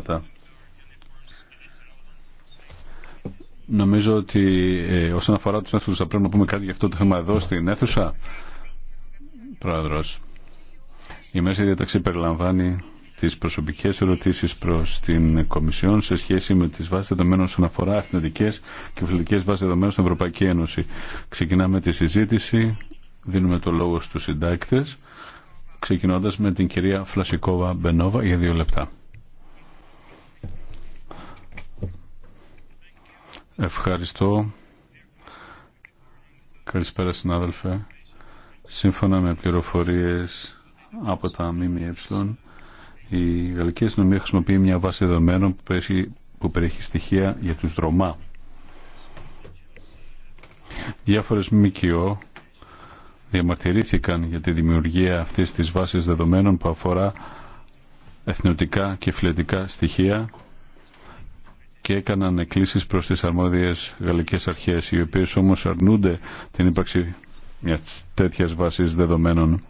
πράγματα. Νομίζω ότι ε, όσον αφορά τους αίθουσες θα πρέπει να πούμε κάτι για αυτό το θέμα εδώ στην αίθουσα. Πρόεδρος, η μέση διάταξη περιλαμβάνει τις προσωπικές ερωτήσεις προς την Κομισιόν σε σχέση με τις βάσεις δεδομένων όσον αφορά αθνητικές και φιλικές βάσεις δεδομένων στην Ευρωπαϊκή Ένωση. Ξεκινάμε τη συζήτηση, δίνουμε το λόγο στους συντάκτες, ξεκινώντας με την κυρία Φλασικόβα Μπενόβα για δύο λεπτά. Ευχαριστώ. Καλησπέρα συνάδελφε. Σύμφωνα με πληροφορίες από τα ΜΜΕ, η Γαλλική Αστυνομία χρησιμοποιεί μια βάση δεδομένων που περιέχει, που περιέχει στοιχεία για τους δρομά. Διάφορες ΜΚΟ διαμαρτυρήθηκαν για τη δημιουργία αυτής της βάσης δεδομένων που αφορά εθνοτικά και φιλετικά στοιχεία και έκαναν εκκλήσει προς τις αρμόδιες γαλλικές αρχές, οι οποίες όμως αρνούνται την ύπαρξη μια τέτοια βάσης δεδομένων.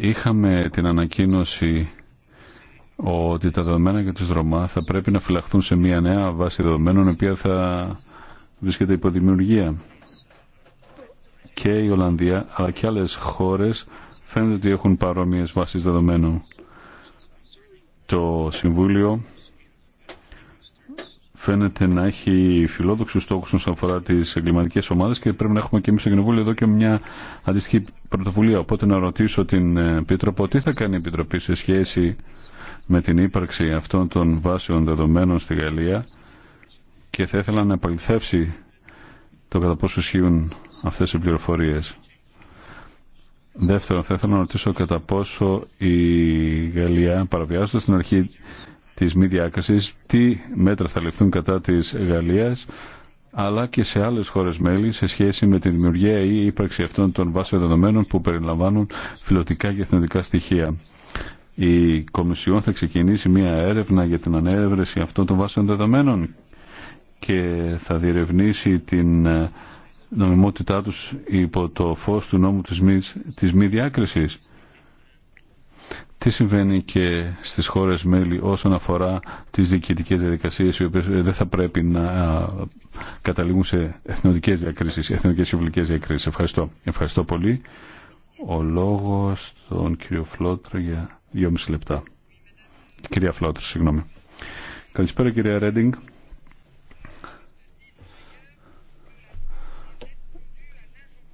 Είχαμε την ανακοίνωση ότι τα δεδομένα για τους Ρωμά θα πρέπει να φυλαχθούν σε μια νέα βάση δεδομένων, η οποία θα βρίσκεται υπό δημιουργία. Και η Ολλανδία, αλλά και άλλες χώρες φαίνεται ότι έχουν παρόμοιες βάσεις δεδομένων. Το Συμβούλιο φαίνεται να έχει φιλόδοξου στόχου όσον αφορά τι εγκληματικέ ομάδε και πρέπει να έχουμε και εμεί στο Κοινοβούλιο εδώ και μια αντίστοιχη πρωτοβουλία. Οπότε να ρωτήσω την Επίτροπο τι θα κάνει η Επιτροπή σε σχέση με την ύπαρξη αυτών των βάσεων δεδομένων στη Γαλλία και θα ήθελα να επαληθεύσει το κατά πόσο ισχύουν αυτές οι πληροφορίες. Δεύτερον, θα ήθελα να ρωτήσω κατά πόσο η Γαλλία παραβιάζοντας στην αρχή τη μη διάκριση, τι μέτρα θα λεφθούν κατά τη Γαλλίας, αλλά και σε άλλες χώρες μέλη σε σχέση με τη δημιουργία ή ύπαρξη αυτών των βάσεων δεδομένων που περιλαμβάνουν φιλοτικά και εθνοτικά στοιχεία. Η υπαρξη αυτων των βασεων δεδομενων που περιλαμβανουν φιλοτικα και εθνικα στοιχεια η κομισιον θα ξεκινήσει μια έρευνα για την ανέρευση αυτών των βάσεων δεδομένων και θα διερευνήσει την ε, νομιμότητά τους υπό το φως του νόμου της μη, της μη τι συμβαίνει και στις χώρες μέλη όσον αφορά τις διοικητικές διαδικασίες οι οποίες ε, δεν θα πρέπει να καταλήγουν σε εθνικές διακρίσεις, εθνικές και διακρίσει. διακρίσεις. Ευχαριστώ. Ευχαριστώ πολύ. Ο λόγος τον κύριο Φλότρο για μισή λεπτά. Κυρία Φλότρο, συγγνώμη. Καλησπέρα κυρία Ρέντινγκ.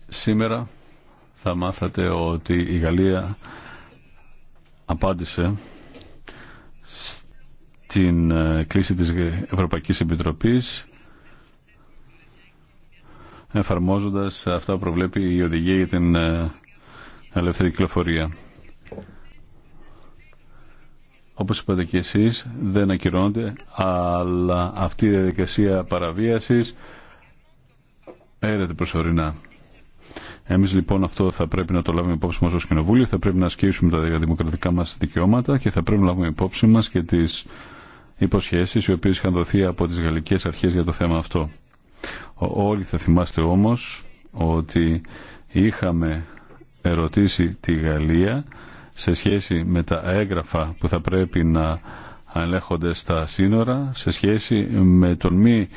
Σήμερα θα μάθατε ότι η Γαλλία απάντησε στην ε, κλίση της Ευρωπαϊκής Επιτροπής εφαρμόζοντας αυτά που προβλέπει η οδηγία για την ε, ελεύθερη κυκλοφορία. Όπως είπατε και εσείς, δεν ακυρώνονται, αλλά αυτή η διαδικασία παραβίασης έρεται προσωρινά. Εμεί λοιπόν αυτό θα πρέπει να το λάβουμε υπόψη μα ω Κοινοβούλιο, θα πρέπει να ασκήσουμε τα δημοκρατικά μα δικαιώματα και θα πρέπει να λάβουμε υπόψη μα και τι υποσχέσει οι οποίε είχαν δοθεί από τι γαλλικέ αρχέ για το θέμα αυτό. Όλοι θα θυμάστε όμω ότι είχαμε ερωτήσει τη Γαλλία σε σχέση με τα έγγραφα που θα πρέπει να ελέγχονται στα σύνορα, σε σχέση με τον μη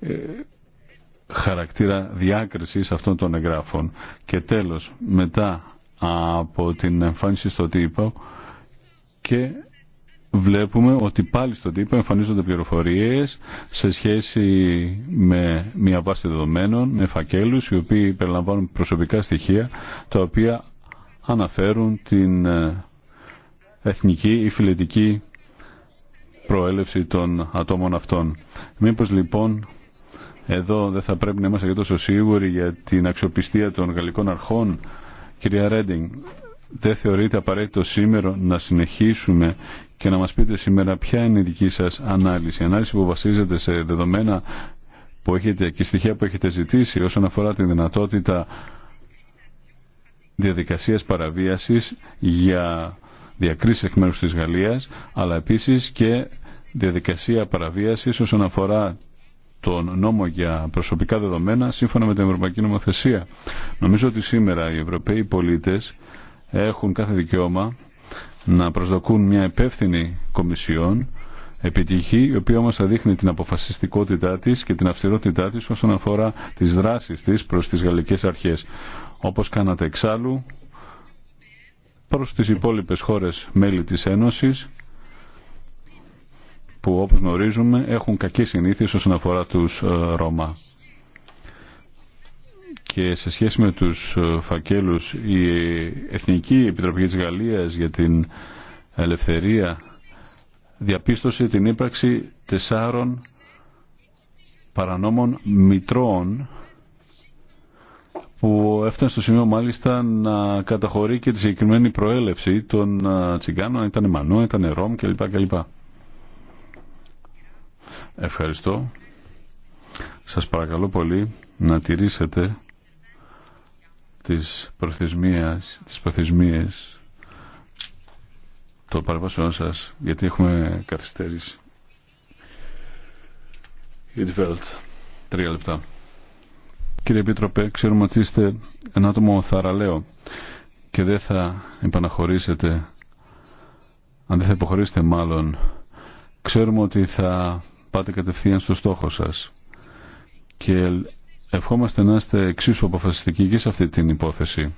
ε, χαρακτήρα διάκρισης αυτών των εγγράφων. Και τέλος, μετά από την εμφάνιση στο τύπο και βλέπουμε ότι πάλι στο τύπο εμφανίζονται πληροφορίες σε σχέση με μια βάση δεδομένων, με φακέλους οι οποίοι περιλαμβάνουν προσωπικά στοιχεία τα οποία αναφέρουν την ε, εθνική ή φιλετική προέλευση των ατόμων αυτών. Μήπως λοιπόν εδώ δεν θα πρέπει να είμαστε και τόσο σίγουροι για την αξιοπιστία των γαλλικών αρχών. Κυρία Ρέντινγκ, δεν θεωρείτε απαραίτητο σήμερα να συνεχίσουμε και να μας πείτε σήμερα ποια είναι η δική σας ανάλυση. Η ανάλυση που βασίζεται σε δεδομένα που έχετε και στοιχεία που έχετε ζητήσει όσον αφορά τη δυνατότητα διαδικασίας παραβίασης για διακρίσεις εκ μέρους της Γαλλίας, αλλά επίσης και διαδικασία παραβίασης όσον αφορά τον νόμο για προσωπικά δεδομένα σύμφωνα με την Ευρωπαϊκή Νομοθεσία. Νομίζω ότι σήμερα οι Ευρωπαίοι πολίτες έχουν κάθε δικαίωμα να προσδοκούν μια υπεύθυνη κομισιόν επιτυχή, η οποία όμως θα δείχνει την αποφασιστικότητά της και την αυστηρότητά της όσον αφορά τις δράσεις της προς τις γαλλικές αρχές. Όπως κάνατε εξάλλου προς τις υπόλοιπες χώρες μέλη της Ένωσης που όπως γνωρίζουμε έχουν κακή συνήθειες όσον αφορά τους ε, Ρώμα. Και σε σχέση με τους ε, φακέλους, η Εθνική Επιτροπή της Γαλλίας για την Ελευθερία διαπίστωσε την ύπαρξη τεσσάρων παρανόμων μητρώων που έφτανε στο σημείο μάλιστα να καταχωρεί και τη συγκεκριμένη προέλευση των ε, τσιγκάνων, ήταν Μανού, ήταν Ρώμ κλπ. κλπ. Ευχαριστώ. Σας παρακαλώ πολύ να τηρήσετε τις προθεσμίες, τις προθεσμίες το παρεμβάσεων σας γιατί έχουμε καθυστέρηση. Ιντφέλτ, τρία λεπτά. Κύριε Επίτροπε, ξέρουμε ότι είστε ένα άτομο θαραλέο και δεν θα επαναχωρήσετε, αν δεν θα υποχωρήσετε μάλλον, ξέρουμε ότι θα πάτε κατευθείαν στο στόχο σας και ευχόμαστε να είστε εξίσου αποφασιστικοί και σε αυτή την υπόθεση.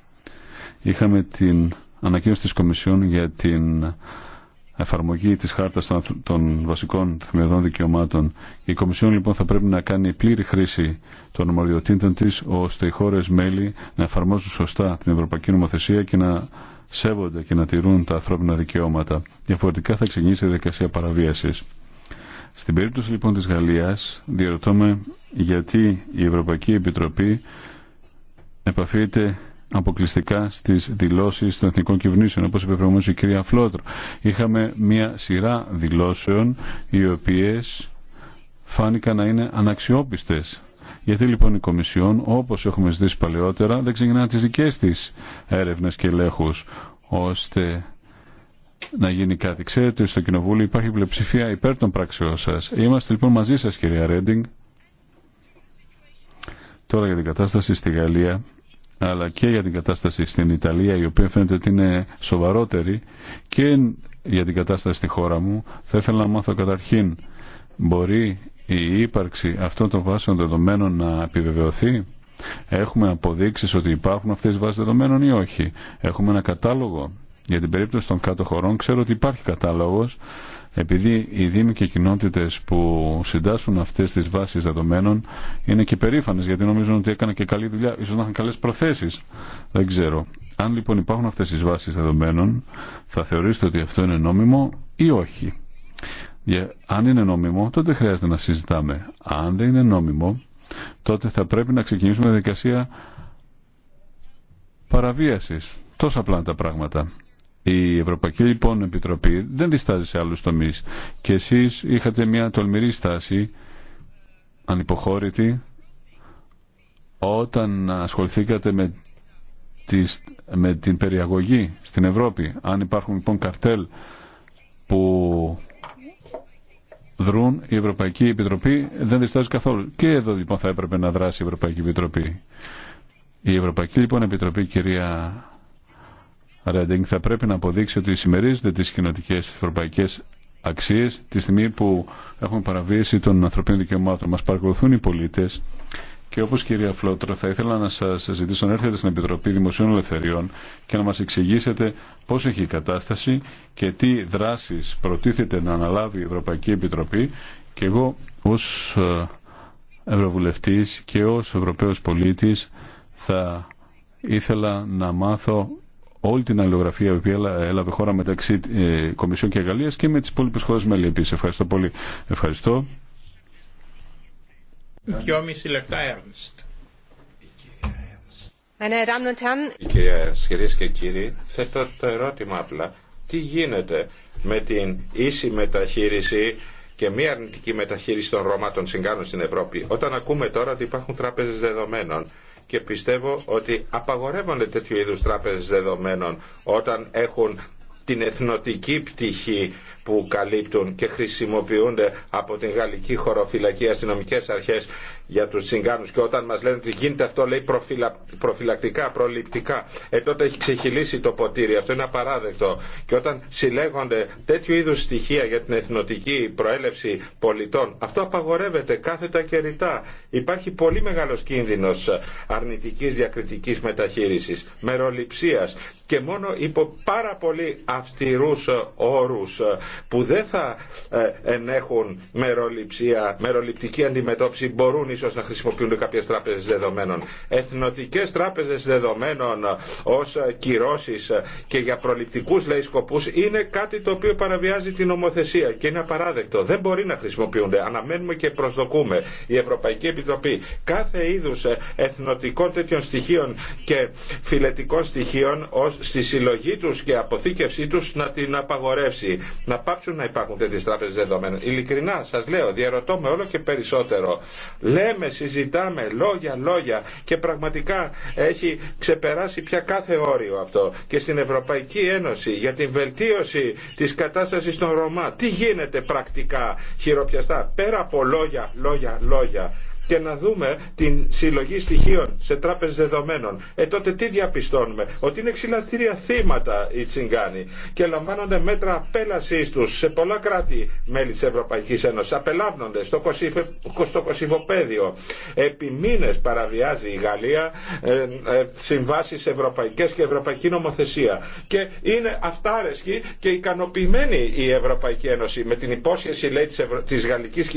Είχαμε την ανακοίνωση της Κομισιόν για την εφαρμογή της χάρτας των βασικών θεμελιωδών δικαιωμάτων. Η Κομισιόν λοιπόν θα πρέπει να κάνει πλήρη χρήση των ομοδιοτήτων της ώστε οι χώρες μέλη να εφαρμόζουν σωστά την Ευρωπαϊκή Νομοθεσία και να σέβονται και να τηρούν τα ανθρώπινα δικαιώματα. Διαφορετικά θα ξεκινήσει η διαδικασία παραβίασης. Στην περίπτωση λοιπόν της Γαλλίας διερωτώμε γιατί η Ευρωπαϊκή Επιτροπή επαφείται αποκλειστικά στις δηλώσεις των εθνικών κυβνήσεων, όπως είπε προηγουμένως η κυρία Φλότρο είχαμε μια σειρά δηλώσεων οι οποίες φάνηκαν να είναι αναξιόπιστες γιατί λοιπόν η Κομισιόν όπως έχουμε ζητήσει παλαιότερα δεν ξεκινά τις δικές της έρευνες και ελέγχους ώστε να γίνει κάτι. Ξέρετε ότι στο Κοινοβούλιο υπάρχει πλειοψηφία υπέρ των πράξεών σα. Είμαστε λοιπόν μαζί σα, κυρία Ρέντινγκ. Τώρα για την κατάσταση στη Γαλλία αλλά και για την κατάσταση στην Ιταλία η οποία φαίνεται ότι είναι σοβαρότερη και για την κατάσταση στη χώρα μου θα ήθελα να μάθω καταρχήν μπορεί η ύπαρξη αυτών των βάσεων δεδομένων να επιβεβαιωθεί Έχουμε αποδείξεις ότι υπάρχουν αυτές οι βάσεις δεδομένων ή όχι. Έχουμε ένα κατάλογο για την περίπτωση των κάτω χωρών ξέρω ότι υπάρχει κατάλογος επειδή οι δήμοι και οι κοινότητες που συντάσσουν αυτέ τι βάσει δεδομένων είναι και περήφανε, γιατί νομίζουν ότι έκαναν και καλή δουλειά, ίσω να είχαν καλέ προθέσει. δεν ξέρω. Αν λοιπόν υπάρχουν αυτέ τι βάσει δεδομένων θα θεωρήσετε ότι αυτό είναι νόμιμο ή όχι. Αν είναι νόμιμο τότε χρειάζεται να συζητάμε. Αν δεν είναι νόμιμο τότε θα πρέπει να ξεκινήσουμε δικασία παραβίαση, Τόσο απλά είναι τα πράγματα. Η Ευρωπαϊκή λοιπόν Επιτροπή δεν διστάζει σε άλλους τομείς και εσείς είχατε μια τολμηρή στάση ανυποχώρητη όταν ασχοληθήκατε με, τις, με την περιαγωγή στην Ευρώπη. Αν υπάρχουν λοιπόν καρτέλ που δρούν η Ευρωπαϊκή Επιτροπή δεν διστάζει καθόλου. Και εδώ λοιπόν θα έπρεπε να δράσει η Ευρωπαϊκή Επιτροπή. Η Ευρωπαϊκή λοιπόν Επιτροπή κυρία Ρέντινγκ θα πρέπει να αποδείξει ότι συμμερίζεται τι κοινοτικέ ευρωπαϊκέ αξίε τη στιγμή που έχουμε παραβίαση των ανθρωπίνων δικαιωμάτων. Μα παρακολουθούν οι πολίτε και όπω κυρία Φλότρο θα ήθελα να σα ζητήσω να έρθετε στην Επιτροπή Δημοσίων Ελευθεριών και να μα εξηγήσετε πώ έχει η κατάσταση και τι δράσει προτίθεται να αναλάβει η Ευρωπαϊκή Επιτροπή και εγώ ω ε, ευρωβουλευτή και ω Ευρωπαίο πολίτη, θα ήθελα να μάθω όλη την αλληλογραφία που έλαβε χώρα μεταξύ ε, Κομισιόν και Γαλλίας και με τις υπόλοιπε χώρες μέλη επίσης. Ευχαριστώ πολύ. Ευχαριστώ. Δυόμιση λεπτά, Ernst. Κυρία κυρίες και κύριοι, θέτω το ερώτημα απλά. Τι γίνεται με την ίση μεταχείριση και μία αρνητική μεταχείριση των Ρωμά των Συγκάνων στην Ευρώπη. Όταν ακούμε τώρα ότι υπάρχουν τράπεζες δεδομένων και πιστεύω ότι απαγορεύονται τέτοιου είδους τράπεζες δεδομένων όταν έχουν την εθνοτική πτυχή που καλύπτουν και χρησιμοποιούνται από την γαλλική χωροφυλακή αστυνομικέ αρχέ για του τσιγκάνου. Και όταν μα λένε ότι γίνεται αυτό, λέει προφυλα... προφυλακτικά, προληπτικά. Ε, τότε έχει ξεχυλήσει το ποτήρι. Αυτό είναι απαράδεκτο. Και όταν συλλέγονται τέτοιου είδου στοιχεία για την εθνοτική προέλευση πολιτών, αυτό απαγορεύεται κάθετα και ρητά. Υπάρχει πολύ μεγάλο κίνδυνο αρνητική διακριτική μεταχείριση, μεροληψία και μόνο υπό πάρα πολύ αυστηρού όρου που δεν θα ε, ενέχουν μεροληψία, μεροληπτική αντιμετώπιση μπορούν ίσως να χρησιμοποιούν κάποιες τράπεζες δεδομένων. Εθνοτικές τράπεζες δεδομένων ως κυρώσεις και για προληπτικούς λέει σκοπούς είναι κάτι το οποίο παραβιάζει την νομοθεσία και είναι απαράδεκτο. Δεν μπορεί να χρησιμοποιούνται. Αναμένουμε και προσδοκούμε η Ευρωπαϊκή Επιτροπή κάθε είδους εθνοτικών τέτοιων στοιχείων και φιλετικών στοιχείων ως στη συλλογή του και αποθήκευσή τους να την απαγορεύσει. Να πάψουν να υπάρχουν τέτοιε τράπεζε δεδομένων. Ειλικρινά σα λέω, διαρωτώ με όλο και περισσότερο. Λέμε, συζητάμε, λόγια, λόγια και πραγματικά έχει ξεπεράσει πια κάθε όριο αυτό. Και στην Ευρωπαϊκή Ένωση για την βελτίωση της κατάσταση των Ρωμά. Τι γίνεται πρακτικά χειροπιαστά πέρα από λόγια, λόγια, λόγια και να δούμε την συλλογή στοιχείων σε τράπεζε δεδομένων, ε τότε τι διαπιστώνουμε, ότι είναι ξυλαστήρια θύματα οι τσιγκάνοι και λαμβάνονται μέτρα απέλασή του σε πολλά κράτη μέλη τη Ευρωπαϊκή Ένωση, απελάβνονται στο, κοσυφε, στο Επί μήνε παραβιάζει η Γαλλία ε, ε, ευρωπαϊκές και ευρωπαϊκή νομοθεσία και είναι αυτάρεσκοι και ικανοποιημένη η Ευρωπαϊκή Ένωση με την υπόσχεση λέει της, Ευρω... γαλλικής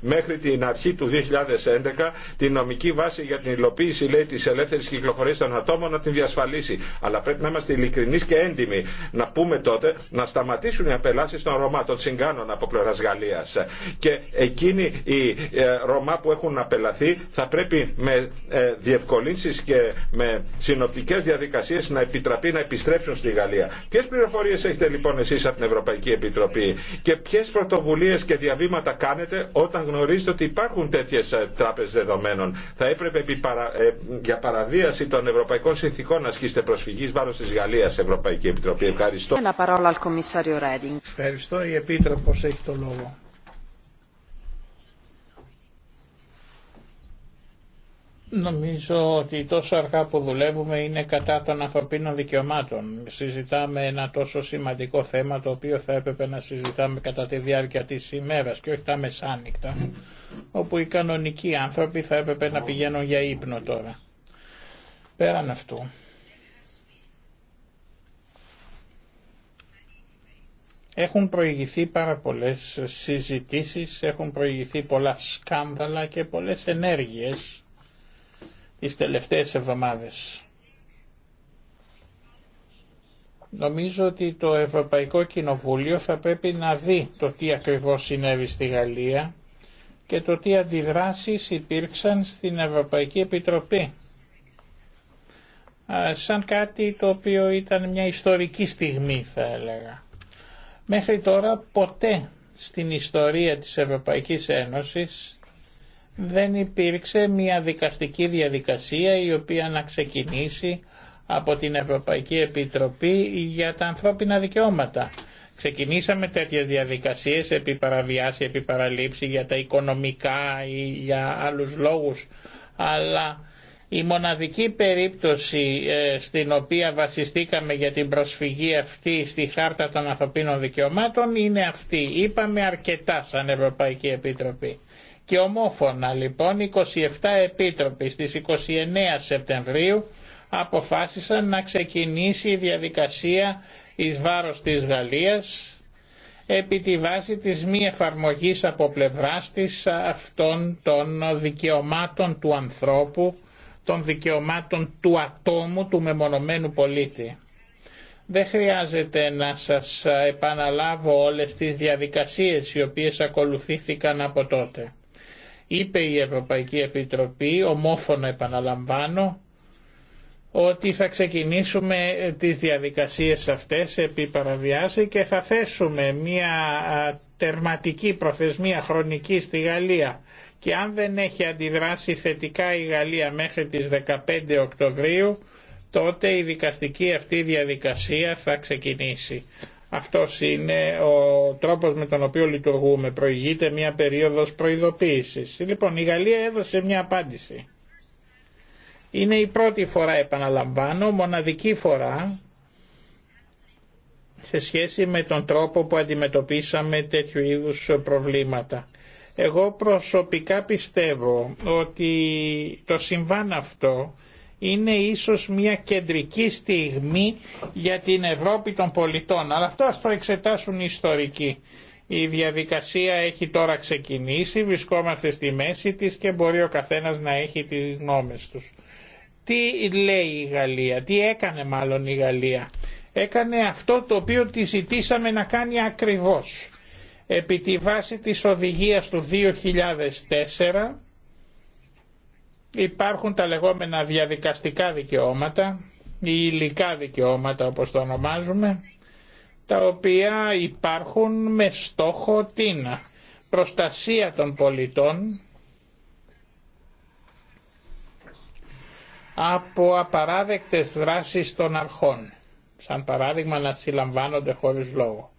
μέχρι την αρχή του 2011 την νομική βάση για την υλοποίηση λέει, της ελεύθερης κυκλοφορίας των ατόμων να την διασφαλίσει. Αλλά πρέπει να είμαστε ειλικρινείς και έντιμοι να πούμε τότε να σταματήσουν οι απελάσεις των Ρωμά, των συγκάνων από πλευράς Γαλλίας. Και εκείνοι οι ε, Ρωμά που έχουν απελαθεί θα πρέπει με ε, διευκολύνσεις και με συνοπτικές διαδικασίες να επιτραπεί να επιστρέψουν στη Γαλλία. Ποιες πληροφορίες έχετε λοιπόν εσείς από την Ευρωπαϊκή Επιτροπή και ποιες πρωτοβουλίες και διαβήματα κάνετε όταν γνωρίζετε ότι υπάρχουν τέτοιες ε, τράπεζες δεδομένων. Θα έπρεπε ε, για παραβίαση των ευρωπαϊκών συνθήκων να ασκήσετε προσφυγή βάρο τη Γαλλία Ευρωπαϊκή Επιτροπή. Ευχαριστώ. Ευχαριστώ. Η Επίτροπο έχει το λόγο. Νομίζω ότι τόσο αργά που δουλεύουμε είναι κατά των ανθρωπίνων δικαιωμάτων. Συζητάμε ένα τόσο σημαντικό θέμα το οποίο θα έπρεπε να συζητάμε κατά τη διάρκεια της ημέρας και όχι τα μεσάνυχτα όπου οι κανονικοί άνθρωποι θα έπρεπε να πηγαίνουν για ύπνο τώρα. Πέραν αυτού, έχουν προηγηθεί πάρα πολλές συζητήσεις, έχουν προηγηθεί πολλά σκάνδαλα και πολλές ενέργειες τις τελευταίες εβδομάδες. Νομίζω ότι το Ευρωπαϊκό Κοινοβούλιο θα πρέπει να δει το τι ακριβώς συνέβη στη Γαλλία και το τι αντιδράσεις υπήρξαν στην Ευρωπαϊκή Επιτροπή σαν κάτι το οποίο ήταν μια ιστορική στιγμή θα έλεγα. Μέχρι τώρα ποτέ στην ιστορία της Ευρωπαϊκής Ένωσης δεν υπήρξε μια δικαστική διαδικασία η οποία να ξεκινήσει από την Ευρωπαϊκή Επιτροπή για τα ανθρώπινα δικαιώματα. Ξεκινήσαμε τέτοιες διαδικασίες επί παραβιάση, επί παραλήψη για τα οικονομικά ή για άλλους λόγους, αλλά η μοναδική περίπτωση ε, στην οποία βασιστήκαμε για την προσφυγή αυτή στη Χάρτα των Ανθρωπίνων Δικαιωμάτων είναι αυτή. Είπαμε αρκετά σαν Ευρωπαϊκή Επίτροπη. Και ομόφωνα λοιπόν 27 επίτροποι στις 29 Σεπτεμβρίου αποφάσισαν να ξεκινήσει η διαδικασία εις βάρος της Γαλλίας επί τη βάση της μη εφαρμογής από πλευράς της αυτών των δικαιωμάτων του ανθρώπου, των δικαιωμάτων του ατόμου, του μεμονωμένου πολίτη. Δεν χρειάζεται να σας επαναλάβω όλες τις διαδικασίες οι οποίες ακολουθήθηκαν από τότε. Είπε η Ευρωπαϊκή Επιτροπή, ομόφωνα επαναλαμβάνω, ότι θα ξεκινήσουμε τις διαδικασίες αυτές επί παραβιάση και θα θέσουμε μια τερματική προθεσμία χρονική στη Γαλλία και αν δεν έχει αντιδράσει θετικά η Γαλλία μέχρι τις 15 Οκτωβρίου τότε η δικαστική αυτή διαδικασία θα ξεκινήσει. Αυτό είναι ο τρόπος με τον οποίο λειτουργούμε. Προηγείται μια περίοδος προειδοποίησης. Λοιπόν, η Γαλλία έδωσε μια απάντηση είναι η πρώτη φορά, επαναλαμβάνω, μοναδική φορά σε σχέση με τον τρόπο που αντιμετωπίσαμε τέτοιου είδους προβλήματα. Εγώ προσωπικά πιστεύω ότι το συμβάν αυτό είναι ίσως μια κεντρική στιγμή για την Ευρώπη των πολιτών. Αλλά αυτό ας το εξετάσουν οι ιστορικοί. Η διαδικασία έχει τώρα ξεκινήσει, βρισκόμαστε στη μέση της και μπορεί ο καθένας να έχει τις γνώμες τους. Τι λέει η Γαλλία, τι έκανε μάλλον η Γαλλία. Έκανε αυτό το οποίο τη ζητήσαμε να κάνει ακριβώς. Επί τη βάση της οδηγίας του 2004 υπάρχουν τα λεγόμενα διαδικαστικά δικαιώματα ή υλικά δικαιώματα όπως το ονομάζουμε τα οποία υπάρχουν με στόχο την προστασία των πολιτών από απαράδεκτες δράσεις των αρχών, σαν παράδειγμα να συλλαμβάνονται χωρίς λόγο.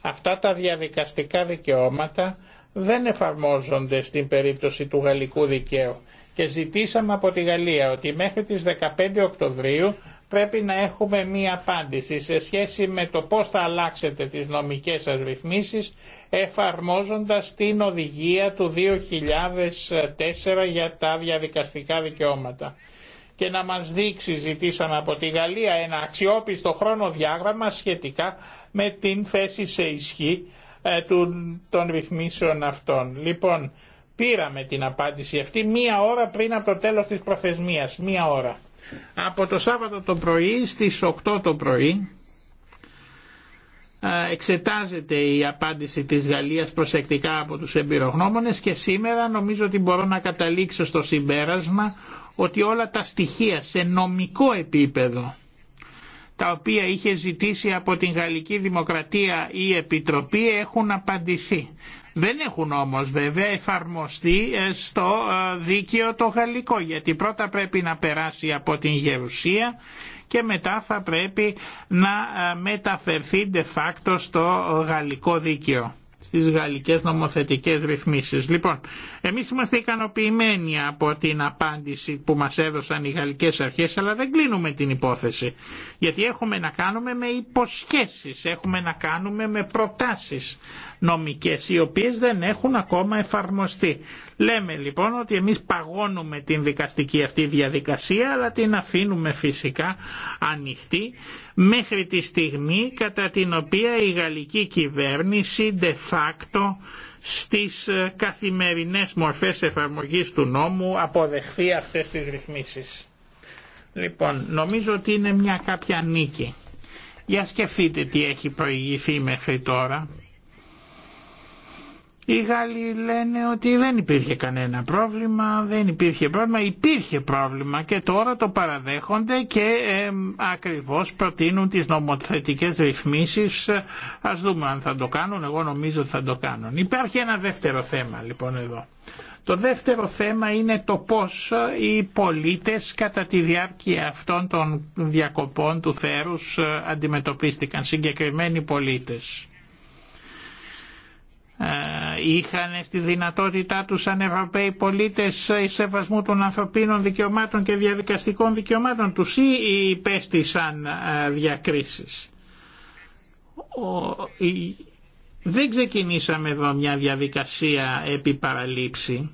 Αυτά τα διαδικαστικά δικαιώματα δεν εφαρμόζονται στην περίπτωση του γαλλικού δικαίου και ζητήσαμε από τη Γαλλία ότι μέχρι τις 15 Οκτωβρίου πρέπει να έχουμε μία απάντηση σε σχέση με το πώς θα αλλάξετε τις νομικές σας ρυθμίσεις εφαρμόζοντας την οδηγία του 2004 για τα διαδικαστικά δικαιώματα και να μας δείξει, ζητήσαμε από τη Γαλλία, ένα αξιόπιστο χρονοδιάγραμμα σχετικά με την θέση σε ισχύ ε, των ρυθμίσεων αυτών. Λοιπόν, πήραμε την απάντηση αυτή μία ώρα πριν από το τέλος της προθεσμίας. Μία ώρα. Από το Σάββατο το πρωί στις 8 το πρωί εξετάζεται η απάντηση της Γαλλίας προσεκτικά από τους εμπειρογνώμονες και σήμερα νομίζω ότι μπορώ να καταλήξω στο συμπέρασμα ότι όλα τα στοιχεία σε νομικό επίπεδο τα οποία είχε ζητήσει από την Γαλλική Δημοκρατία η Επιτροπή έχουν απαντηθεί. Δεν έχουν όμως βέβαια εφαρμοστεί ε, στο ε, δίκαιο το γαλλικό γιατί πρώτα πρέπει να περάσει από την γερουσία και μετά θα πρέπει να ε, μεταφερθεί de facto στο γαλλικό δίκαιο στις γαλλικές νομοθετικές ρυθμίσεις. Λοιπόν, εμείς είμαστε ικανοποιημένοι από την απάντηση που μας έδωσαν οι γαλλικές αρχές, αλλά δεν κλείνουμε την υπόθεση. Γιατί έχουμε να κάνουμε με υποσχέσεις, έχουμε να κάνουμε με προτάσεις νομικές οι οποίες δεν έχουν ακόμα εφαρμοστεί. Λέμε λοιπόν ότι εμείς παγώνουμε την δικαστική αυτή διαδικασία αλλά την αφήνουμε φυσικά ανοιχτή μέχρι τη στιγμή κατά την οποία η γαλλική κυβέρνηση de facto στις ε, καθημερινές μορφές εφαρμογής του νόμου αποδεχθεί αυτές τις ρυθμίσεις. Λοιπόν, νομίζω ότι είναι μια κάποια νίκη. Για σκεφτείτε τι έχει προηγηθεί μέχρι τώρα. Οι Γάλλοι λένε ότι δεν υπήρχε κανένα πρόβλημα, δεν υπήρχε πρόβλημα, υπήρχε πρόβλημα και τώρα το παραδέχονται και ε, ακριβώς προτείνουν τις νομοθετικές ρυθμίσεις. Ας δούμε αν θα το κάνουν, εγώ νομίζω ότι θα το κάνουν. Υπάρχει ένα δεύτερο θέμα λοιπόν εδώ. Το δεύτερο θέμα είναι το πώς οι πολίτες κατά τη διάρκεια αυτών των διακοπών του θέρους ε, αντιμετωπίστηκαν, συγκεκριμένοι πολίτες. Ε, είχαν στη δυνατότητά τους σαν Ευρωπαίοι πολίτες σεβασμού των ανθρωπίνων δικαιωμάτων και διαδικαστικών δικαιωμάτων τους ή υπέστησαν ε, διακρίσεις. Δεν ξεκινήσαμε εδώ μια διαδικασία επί παραλήψη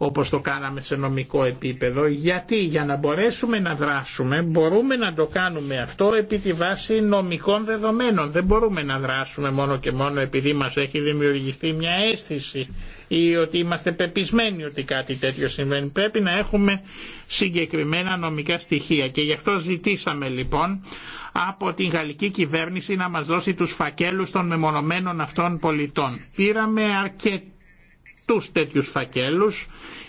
όπως το κάναμε σε νομικό επίπεδο, γιατί για να μπορέσουμε να δράσουμε μπορούμε να το κάνουμε αυτό επί τη βάση νομικών δεδομένων. Δεν μπορούμε να δράσουμε μόνο και μόνο επειδή μας έχει δημιουργηθεί μια αίσθηση ή ότι είμαστε πεπισμένοι ότι κάτι τέτοιο συμβαίνει. Πρέπει να έχουμε συγκεκριμένα νομικά στοιχεία και γι' αυτό ζητήσαμε λοιπόν από την γαλλική κυβέρνηση να μας δώσει τους φακέλους των μεμονωμένων αυτών πολιτών. Πήραμε αρκετά τους τέτοιους φακέλους.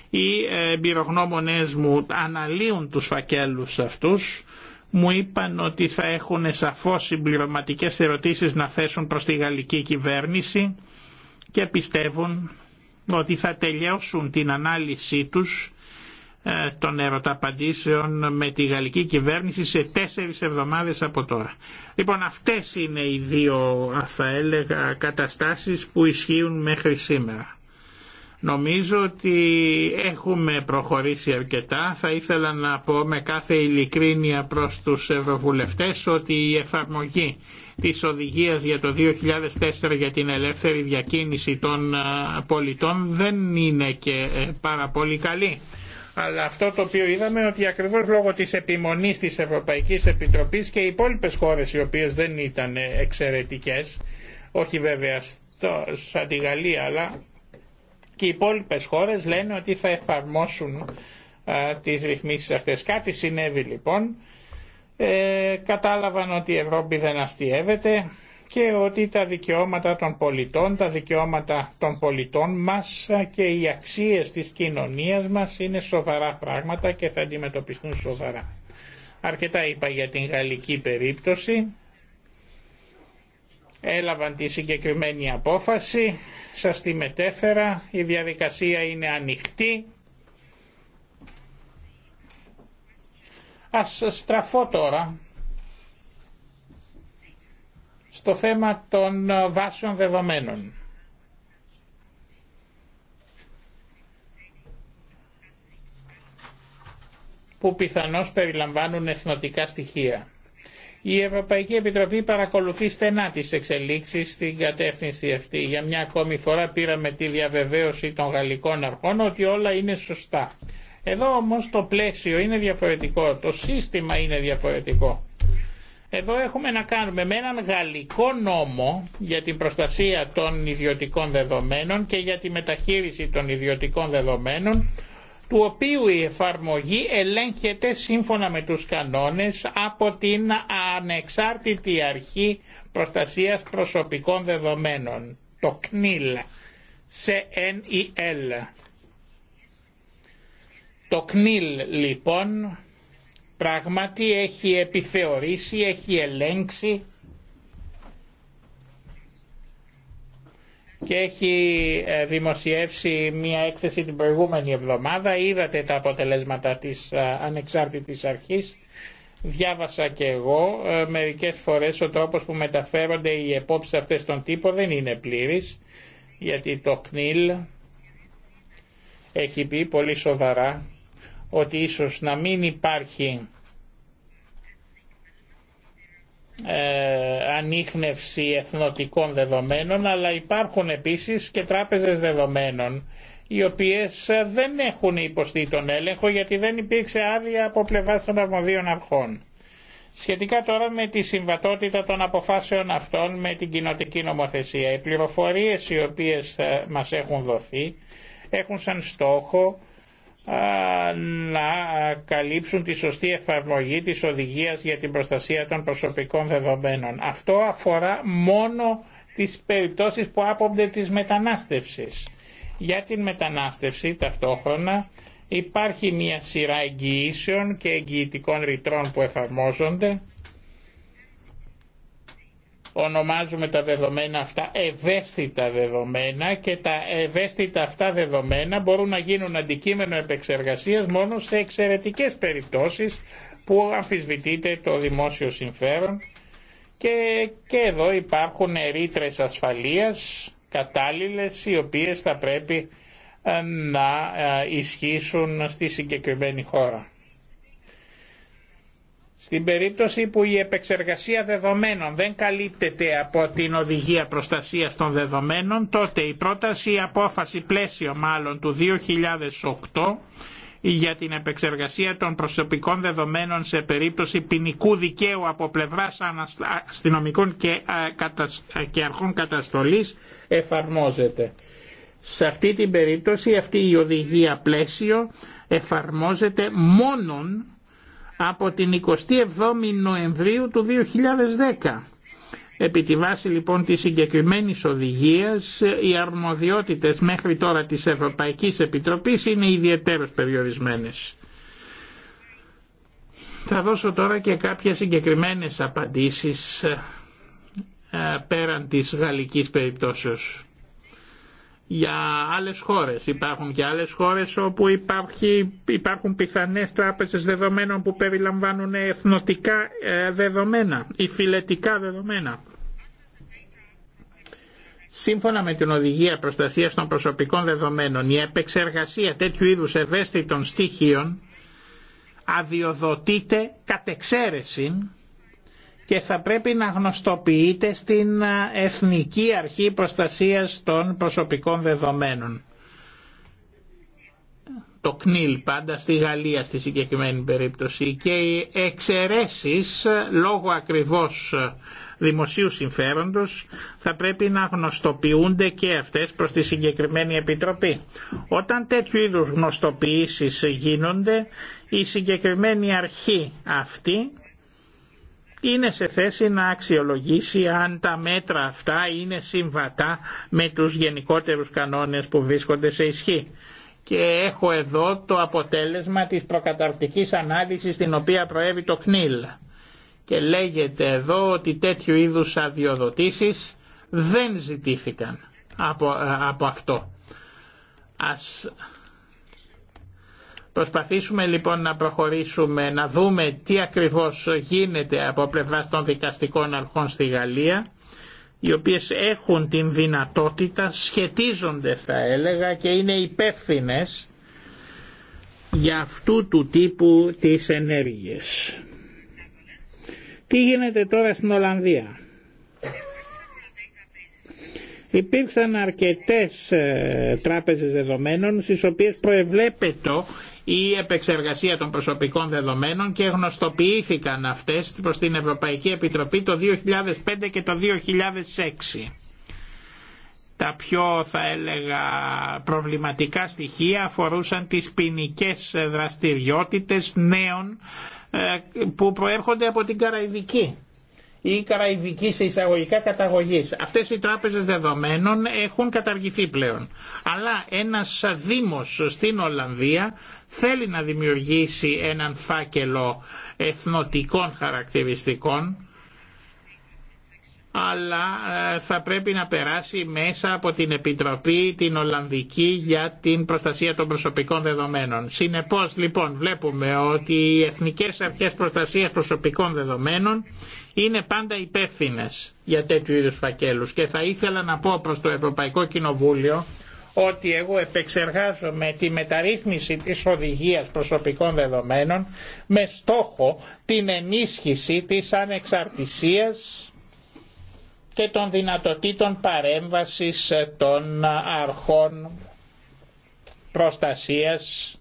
Οι ε, εμπειρογνώμονές μου αναλύουν τους φακέλους αυτούς. Μου είπαν ότι θα έχουν σαφώς συμπληρωματικέ ερωτήσεις να θέσουν προς τη γαλλική κυβέρνηση και πιστεύουν ότι θα τελειώσουν την ανάλυση τους ε, των ερωταπαντήσεων με τη γαλλική κυβέρνηση σε τέσσερις εβδομάδες από τώρα. Λοιπόν αυτές είναι οι δύο θα έλεγα καταστάσεις που ισχύουν μέχρι σήμερα. Νομίζω ότι έχουμε προχωρήσει αρκετά. Θα ήθελα να πω με κάθε ειλικρίνεια προς τους ευρωβουλευτές ότι η εφαρμογή της οδηγίας για το 2004 για την ελεύθερη διακίνηση των πολιτών δεν είναι και ε, πάρα πολύ καλή. Αλλά αυτό το οποίο είδαμε ότι ακριβώς λόγω της επιμονής της Ευρωπαϊκής Επιτροπής και οι υπόλοιπες χώρες οι οποίες δεν ήταν ε, εξαιρετικές, όχι βέβαια σαν τη Γαλλία αλλά και οι υπόλοιπε χώρε λένε ότι θα εφαρμόσουν τι τις ρυθμίσεις αυτές. Κάτι συνέβη λοιπόν, ε, κατάλαβαν ότι η Ευρώπη δεν αστείευεται και ότι τα δικαιώματα των πολιτών, τα δικαιώματα των πολιτών μας και οι αξίες της κοινωνίας μας είναι σοβαρά πράγματα και θα αντιμετωπιστούν σοβαρά. Αρκετά είπα για την γαλλική περίπτωση έλαβαν τη συγκεκριμένη απόφαση, σας τη μετέφερα, η διαδικασία είναι ανοιχτή. Ας στραφώ τώρα στο θέμα των βάσεων δεδομένων. που πιθανώς περιλαμβάνουν εθνοτικά στοιχεία. Η Ευρωπαϊκή Επιτροπή παρακολουθεί στενά τις εξελίξεις στην κατεύθυνση αυτή. Για μια ακόμη φορά πήραμε τη διαβεβαίωση των γαλλικών αρχών ότι όλα είναι σωστά. Εδώ όμως το πλαίσιο είναι διαφορετικό, το σύστημα είναι διαφορετικό. Εδώ έχουμε να κάνουμε με έναν γαλλικό νόμο για την προστασία των ιδιωτικών δεδομένων και για τη μεταχείριση των ιδιωτικών δεδομένων του οποίου η εφαρμογή ελέγχεται σύμφωνα με τους κανόνες από την ανεξάρτητη αρχή προστασίας προσωπικών δεδομένων, το CNIL, Το CNIL λοιπόν πράγματι έχει επιθεωρήσει, έχει ελέγξει και έχει ε, δημοσιεύσει μια έκθεση την προηγούμενη εβδομάδα. Είδατε τα αποτελέσματα της ε, ανεξάρτητης αρχής. Διάβασα και εγώ ε, μερικές φορές ο τρόπος που μεταφέρονται οι επόψεις αυτές των τύπων δεν είναι πλήρης γιατί το ΚΝΙΛ έχει πει πολύ σοβαρά ότι ίσως να μην υπάρχει ε, ανείχνευση εθνοτικών δεδομένων αλλά υπάρχουν επίσης και τράπεζες δεδομένων οι οποίες ε, δεν έχουν υποστεί τον έλεγχο γιατί δεν υπήρξε άδεια από πλευρά των αρμοδίων αρχών. Σχετικά τώρα με τη συμβατότητα των αποφάσεων αυτών με την κοινοτική νομοθεσία, οι πληροφορίες οι οποίες ε, μας έχουν δοθεί έχουν σαν στόχο να καλύψουν τη σωστή εφαρμογή της οδηγίας για την προστασία των προσωπικών δεδομένων. Αυτό αφορά μόνο τις περιπτώσεις που άπονται της μετανάστευσης. Για την μετανάστευση ταυτόχρονα υπάρχει μια σειρά εγγυήσεων και εγγυητικών ρητρών που εφαρμόζονται ονομάζουμε τα δεδομένα αυτά ευαίσθητα δεδομένα και τα ευαίσθητα αυτά δεδομένα μπορούν να γίνουν αντικείμενο επεξεργασίας μόνο σε εξαιρετικές περιπτώσεις που αμφισβητείται το δημόσιο συμφέρον και, και εδώ υπάρχουν ρήτρε ασφαλείας κατάλληλες οι οποίες θα πρέπει ε, να ε, ισχύσουν στη συγκεκριμένη χώρα. Στην περίπτωση που η επεξεργασία δεδομένων δεν καλύπτεται από την Οδηγία Προστασίας των Δεδομένων, τότε η πρόταση απόφαση πλαίσιο μάλλον του 2008 για την επεξεργασία των προσωπικών δεδομένων σε περίπτωση ποινικού δικαίου από πλευράς αστυνομικών και αρχών καταστολής εφαρμόζεται. Σε αυτή την περίπτωση αυτή η οδηγία πλαίσιο εφαρμόζεται μόνον από την 27η Νοεμβρίου του 2010. Επί τη βάση λοιπόν της συγκεκριμένης οδηγίας οι αρμοδιότητες μέχρι τώρα της Ευρωπαϊκής Επιτροπής είναι ιδιαίτερως περιορισμένες. Θα δώσω τώρα και κάποιες συγκεκριμένες απαντήσεις ε, πέραν της γαλλικής περιπτώσεως για άλλες χώρες. Υπάρχουν και άλλες χώρες όπου υπάρχει, υπάρχουν πιθανές τράπεζες δεδομένων που περιλαμβάνουν εθνοτικά ε, δεδομένα ή φυλετικά δεδομένα. Σύμφωνα με την Οδηγία Προστασίας των Προσωπικών Δεδομένων, η επεξεργασία τέτοιου είδους ευαίσθητων στοιχείων αδειοδοτείται κατ' και θα πρέπει να γνωστοποιείται στην ε, Εθνική Αρχή Προστασίας των Προσωπικών Δεδομένων. Το ΚΝΙΛ πάντα στη Γαλλία στη συγκεκριμένη περίπτωση και οι εξαιρεσει ε, λόγω ακριβώς ε, δημοσίου συμφέροντος θα πρέπει να γνωστοποιούνται και αυτές προς τη συγκεκριμένη επιτροπή. Όταν τέτοιου είδους γνωστοποιήσεις γίνονται η συγκεκριμένη αρχή αυτή είναι σε θέση να αξιολογήσει αν τα μέτρα αυτά είναι συμβατά με τους γενικότερους κανόνες που βρίσκονται σε ισχύ. Και έχω εδώ το αποτέλεσμα της προκαταρκτικής ανάλυσης την οποία προέβη το ΚΝΙΛ. Και λέγεται εδώ ότι τέτοιου είδους αδειοδοτήσεις δεν ζητήθηκαν από, ε, από αυτό. Ας Προσπαθήσουμε λοιπόν να προχωρήσουμε, να δούμε τι ακριβώς γίνεται από πλευράς των δικαστικών αρχών στη Γαλλία, οι οποίες έχουν την δυνατότητα, σχετίζονται θα έλεγα και είναι υπεύθυνε για αυτού του τύπου τις ενέργειες. Τι γίνεται τώρα στην Ολλανδία. Υπήρξαν αρκετές ε, τράπεζες δεδομένων στις οποίες προεβλέπετο η επεξεργασία των προσωπικών δεδομένων και γνωστοποιήθηκαν αυτές προς την Ευρωπαϊκή Επιτροπή το 2005 και το 2006. Τα πιο θα έλεγα προβληματικά στοιχεία αφορούσαν τις ποινικέ δραστηριότητες νέων ε, που προέρχονται από την Καραϊβική ή καραϊβική σε εισαγωγικά καταγωγής. Αυτές οι τράπεζες δεδομένων έχουν καταργηθεί πλέον. Αλλά ένας δήμος στην Ολλανδία θέλει να δημιουργήσει έναν φάκελο εθνοτικών χαρακτηριστικών αλλά ε, θα πρέπει να περάσει μέσα από την Επιτροπή την Ολλανδική για την προστασία των προσωπικών δεδομένων. Συνεπώς λοιπόν βλέπουμε ότι οι Εθνικές Αρχές Προστασίας Προσωπικών Δεδομένων είναι πάντα υπεύθυνε για τέτοιου είδου φακέλους και θα ήθελα να πω προς το Ευρωπαϊκό Κοινοβούλιο ότι εγώ επεξεργάζομαι τη μεταρρύθμιση της οδηγίας προσωπικών δεδομένων με στόχο την ενίσχυση της ανεξαρτησίας και των δυνατοτήτων παρέμβασης των αρχών προστασίας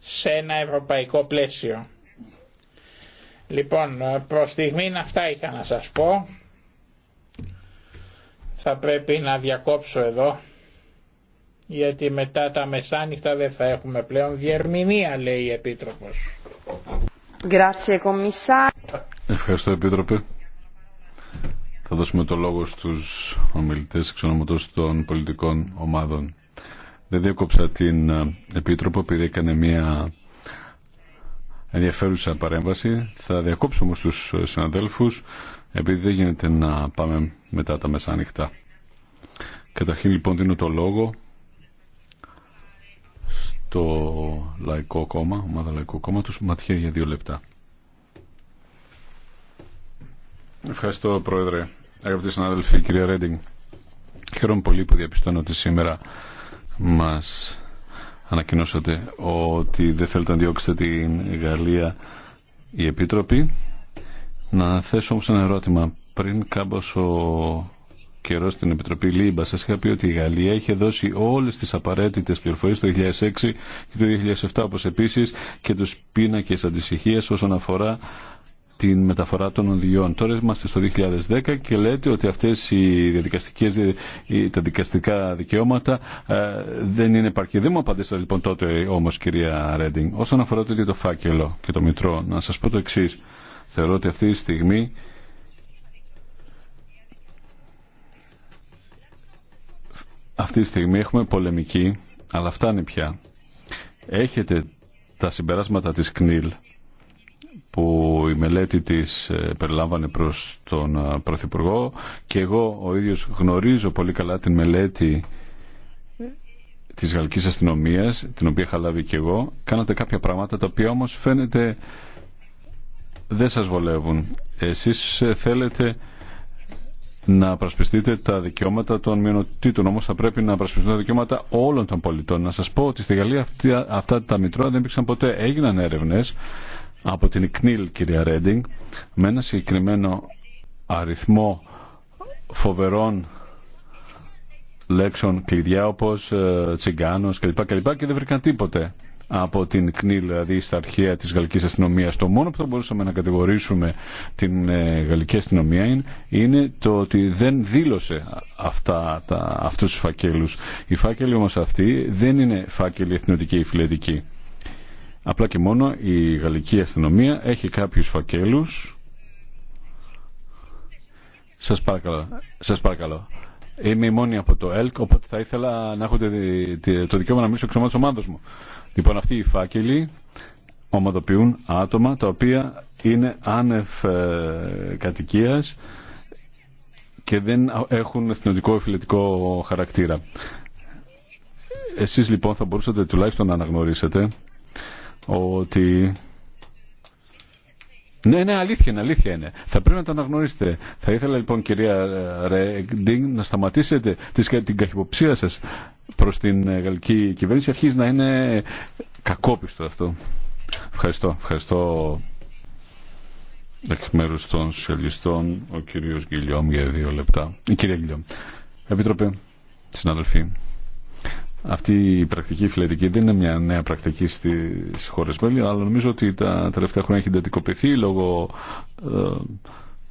σε ένα ευρωπαϊκό πλαίσιο. Λοιπόν, ε, προς στιγμήν αυτά είχα να σας πω. Θα πρέπει να διακόψω εδώ, γιατί μετά τα μεσάνυχτα δεν θα έχουμε πλέον διερμηνία, λέει η Επίτροπος. Ευχαριστώ, Επίτροπε. Θα δώσουμε το λόγο στους ομιλητές εξονομωτός των πολιτικών ομάδων. Δεν διέκοψα την ε, Επίτροπο επειδή έκανε μια ενδιαφέρουσα παρέμβαση. Θα διακόψω όμω τους συναδέλφους επειδή δεν γίνεται να πάμε μετά τα μεσάνυχτα. Καταρχήν λοιπόν δίνω το λόγο στο Λαϊκό Κόμμα, ομάδα Λαϊκό Κόμμα, τους ματιέ για δύο λεπτά. Ευχαριστώ Πρόεδρε, αγαπητοί συνάδελφοι, κυρία Ρέντινγκ. Χαίρομαι πολύ που διαπιστώνω ότι σήμερα μας ανακοινώσατε ότι δεν θέλετε να διώξετε την Γαλλία η Επίτροπη. Να θέσω όμως ένα ερώτημα. Πριν κάμπος ο καιρό στην Επιτροπή Λίμπα, σα είχα πει ότι η Γαλλία είχε δώσει όλε τι απαραίτητε πληροφορίε το 2006 και το 2007, όπω επίση και του πίνακες αντισυχία όσον αφορά την μεταφορά των οδηγιών. Τώρα είμαστε στο 2010 και λέτε ότι αυτές οι διαδικαστικές, τα δικαστικά δικαιώματα ε, δεν είναι επαρκή. Δεν μου απαντήσατε λοιπόν τότε όμως κυρία Ρέντινγκ. Όσον αφορά το ίδιο το φάκελο και το μητρό, να σας πω το εξή. Θεωρώ ότι αυτή τη στιγμή αυτή τη στιγμή έχουμε πολεμική, αλλά φτάνει πια. Έχετε τα συμπεράσματα της ΚΝΙΛ που η μελέτη της ε, περιλάμβανε προς τον ε, Πρωθυπουργό και εγώ ο ίδιος γνωρίζω πολύ καλά την μελέτη της γαλλικής αστυνομίας, την οποία είχα λάβει και εγώ, κάνατε κάποια πράγματα τα οποία όμως φαίνεται δεν σας βολεύουν. Εσείς ε, θέλετε να προσπιστείτε τα δικαιώματα των μειονοτήτων, όμως θα πρέπει να προσπιστείτε τα δικαιώματα όλων των πολιτών. Να σας πω ότι στη Γαλλία αυτά, αυτά τα μητρώα δεν υπήρξαν ποτέ. Έγιναν έρευνες από την ΚΝΙΛ, κυρία Ρέντινγκ, με ένα συγκεκριμένο αριθμό φοβερών λέξεων κλειδιά όπως ε, τσιγκάνος κλπ. κλπ. και δεν βρήκαν τίποτε από την ΚΝΙΛ, δηλαδή στα αρχεία της γαλλικής αστυνομίας. Το μόνο που θα μπορούσαμε να κατηγορήσουμε την ε, γαλλική αστυνομία είναι, το ότι δεν δήλωσε αυτά, τα, αυτούς τους φακέλους. Οι φάκελοι όμως αυτοί δεν είναι φάκελοι εθνοτικοί ή φιλετικοί. Απλά και μόνο η γαλλική αστυνομία έχει κάποιους φακέλους. Σας παρακαλώ, σας παρακαλώ. Είμαι η μόνη από το ΕΛΚ, οπότε θα ήθελα να έχω το δικαίωμα να μιλήσω εξωμάτως ομάδος μου. Λοιπόν, αυτοί οι φάκελοι ομαδοποιούν άτομα τα οποία είναι άνευ ε, κατοικίας και δεν έχουν εθνοτικό φιλετικό χαρακτήρα. Εσείς λοιπόν θα μπορούσατε τουλάχιστον να αναγνωρίσετε ότι ναι, ναι, αλήθεια είναι, αλήθεια είναι. Θα πρέπει να το αναγνωρίσετε. Θα ήθελα λοιπόν, κυρία ε, Ρέγντινγκ να σταματήσετε την καχυποψία σας προς την ε, γαλλική κυβέρνηση. Αρχίζει να είναι κακόπιστο αυτό. Ευχαριστώ. Ευχαριστώ εκ μέρου των σοσιαλιστών ο κύριος Γκυλιόμ για δύο λεπτά. Η ε, κυρία Γκυλιόμ. Επίτροπε, συνάδελφοι, αυτή η πρακτική φιλετική δεν είναι μια νέα πρακτική στι χωρε μέλη, αλλά νομίζω ότι τα τελευταία χρόνια έχει εντατικοποιηθεί λόγω ε,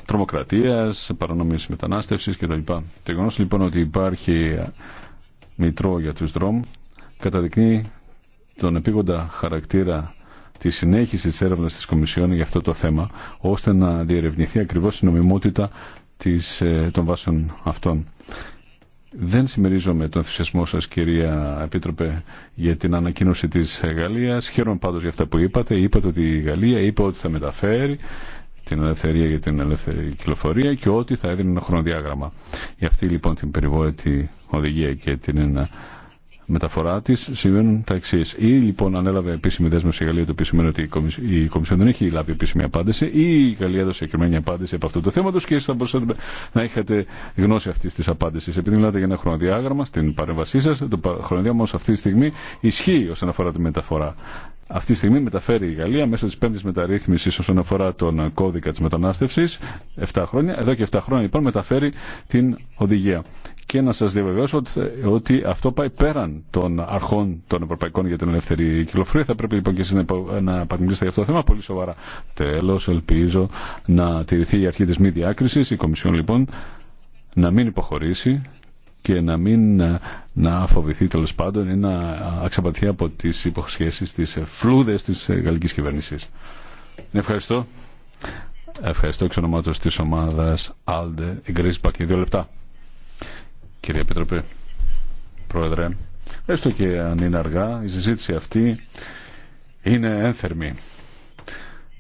τρομοκρατίας, παρανομής μετανάστευσης κτλ. Το γεγονό λοιπόν ότι υπάρχει μητρό για του δρόμου, καταδεικνύει τον επίγοντα χαρακτήρα τη συνέχιση τη έρευνα τη Κομισιόν για αυτό το θέμα, ώστε να διερευνηθεί ακριβώ η νομιμότητα ε, των βάσεων αυτών. Δεν συμμερίζομαι τον ενθουσιασμό σας κυρία Επίτροπε για την ανακοίνωση της Γαλλία, Χαίρομαι πάντως για αυτά που είπατε. Είπατε ότι η Γαλλία είπε ότι θα μεταφέρει την ελευθερία για την ελεύθερη κυκλοφορία και ότι θα έδινε ένα χρονοδιάγραμμα. Για αυτή λοιπόν την περιβόητη οδηγία και την ένα μεταφορά τη συμβαίνουν τα εξή. Ή λοιπόν ανέλαβε επίσημη δέσμευση η Γαλλία, το οποίο σημαίνει ότι η Κομισιόν δεν έχει λάβει επίσημη απάντηση, ή η Γαλλία έδωσε συγκεκριμένη απάντηση από αυτό το θέμα του και εσεί θα μπορούσατε να είχατε γνώση αυτή τη απάντηση. Επειδή μιλάτε για ένα χρονοδιάγραμμα στην παρέμβασή σα, το χρονοδιάγραμμα αυτή τη στιγμή ισχύει όσον αφορά τη μεταφορά. Αυτή τη στιγμή μεταφέρει η Γαλλία μέσω τη πέμπτη μεταρρύθμιση όσον αφορά τον κώδικα τη μετανάστευση, 7 χρόνια. Εδώ και 7 χρόνια λοιπόν μεταφέρει την οδηγία και να σας διαβεβαιώσω ότι, αυτό πάει πέραν των αρχών των Ευρωπαϊκών για την ελεύθερη κυκλοφορία. Θα πρέπει λοιπόν και εσείς να παρακολουθήσετε για αυτό το θέμα πολύ σοβαρά. Τέλος, ελπίζω να τηρηθεί η αρχή της μη διάκρισης, η Κομισιόν λοιπόν να μην υποχωρήσει και να μην να φοβηθεί τέλο πάντων ή να αξαπατηθεί από τις υποσχέσεις, τις φλούδες της γαλλικής κυβέρνησης. Ευχαριστώ. Ευχαριστώ εξ ονομάτως της ομάδας Alde Γκρίσμπακ δύο λεπτά. Κύριε Επιτροπή, Πρόεδρε, έστω και αν είναι αργά, η συζήτηση αυτή είναι ένθερμη.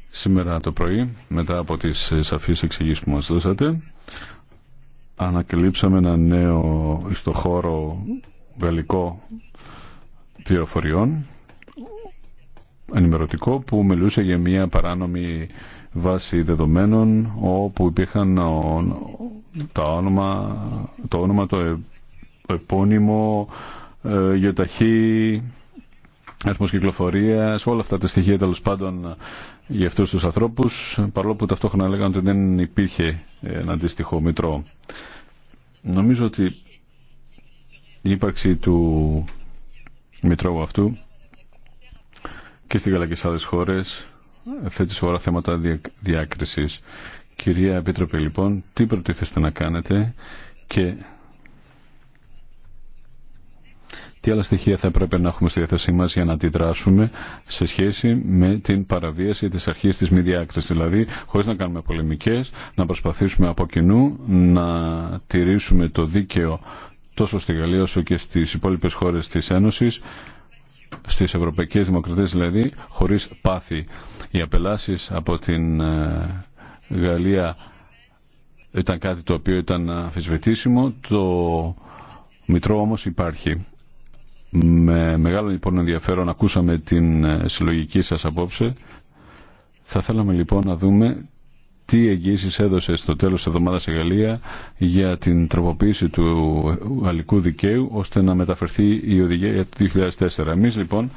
Σήμερα το πρωί, μετά από τις σαφείς εξηγήσεις που μας δώσατε, ανακαλύψαμε ένα νέο στο χώρο γαλλικό πληροφοριών ενημερωτικό που μιλούσε για μια παράνομη βάση δεδομένων όπου υπήρχαν τα όνομα, το όνομα το επώνυμο ε, γεωταχή αριθμός κυκλοφορίας όλα αυτά τα στοιχεία τέλο πάντων για αυτούς τους ανθρώπους παρόλο που ταυτόχρονα έλεγαν ότι δεν υπήρχε ένα αντίστοιχο μητρό νομίζω ότι η ύπαρξη του μητρώου αυτού και στις γαλακισάδες χώρες θέτει σοβαρά θέματα διάκρισης. Κυρία Επίτροπε, λοιπόν, τι προτίθεστε να κάνετε και τι άλλα στοιχεία θα έπρεπε να έχουμε στη διάθεσή μας για να αντιδράσουμε σε σχέση με την παραβίαση της αρχής της μη διάκρισης. Δηλαδή, χωρίς να κάνουμε πολεμικές, να προσπαθήσουμε από κοινού να τηρήσουμε το δίκαιο τόσο στη Γαλλία όσο και στις υπόλοιπες χώρες της Ένωσης στις ευρωπαϊκές δημοκρατίες δηλαδή χωρίς πάθη. Οι απελάσεις από την ε, Γαλλία ήταν κάτι το οποίο ήταν αφισβητήσιμο το Μητρό όμως υπάρχει. Με μεγάλο λοιπόν ενδιαφέρον ακούσαμε την ε, συλλογική σας απόψε. Θα θέλαμε λοιπόν να δούμε τι εγγύσει έδωσε στο τέλο τη εβδομάδα η Γαλλία για την τροποποίηση του γαλλικού δικαίου ώστε να μεταφερθεί η οδηγία του 2004. Εμεί λοιπόν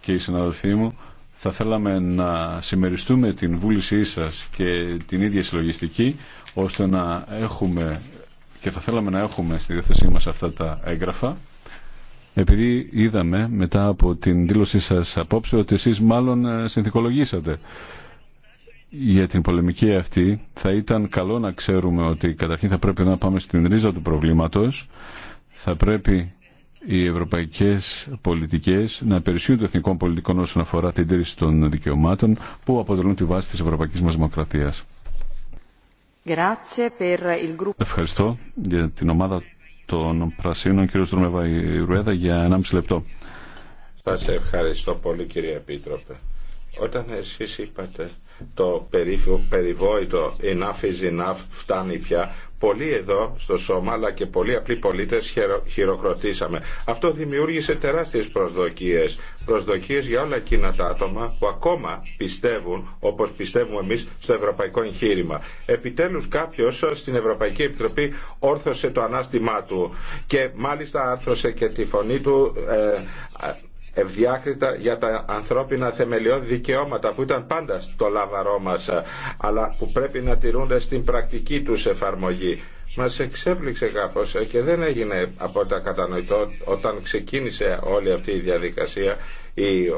και οι συναδελφοί μου θα θέλαμε να συμμεριστούμε την βούλησή σα και την ίδια συλλογιστική ώστε να έχουμε και θα θέλαμε να έχουμε στη διάθεσή μας αυτά τα έγγραφα επειδή είδαμε μετά από την δήλωσή σας απόψε ότι εσείς μάλλον ε, συνθηκολογήσατε για την πολεμική αυτή θα ήταν καλό να ξέρουμε ότι καταρχήν θα πρέπει να πάμε στην ρίζα του προβλήματος θα πρέπει οι ευρωπαϊκές πολιτικές να περισσύνουν των εθνικών πολιτικών όσον αφορά την τήρηση των δικαιωμάτων που αποτελούν τη βάση της ευρωπαϊκής μας δημοκρατίας. Ευχαριστώ για την ομάδα των Πρασίνων, κύριο Δρομεβα για 1,5 λεπτό. Σας ευχαριστώ πολύ κύριε Επίτροπε. Όταν εσείς είπατε το περιβόητο enough is enough φτάνει πια πολλοί εδώ στο σώμα αλλά και πολλοί απλοί πολίτες χειροκροτήσαμε. Αυτό δημιούργησε τεράστιες προσδοκίες. Προσδοκίες για όλα εκείνα τα άτομα που ακόμα πιστεύουν, όπως πιστεύουμε εμείς, στο ευρωπαϊκό εγχείρημα. Επιτέλους κάποιος στην Ευρωπαϊκή Επιτροπή όρθωσε το ανάστημά του και μάλιστα άρθρωσε και τη φωνή του ε, ευδιάκριτα για τα ανθρώπινα θεμελιώδη δικαιώματα που ήταν πάντα στο λάβαρό μας ε, αλλά που πρέπει να τηρούνται στην πρακτική τους εφαρμογή. Μας εξέπληξε κάπως ε, και δεν έγινε από τα κατανοητό όταν ξεκίνησε όλη αυτή η διαδικασία η,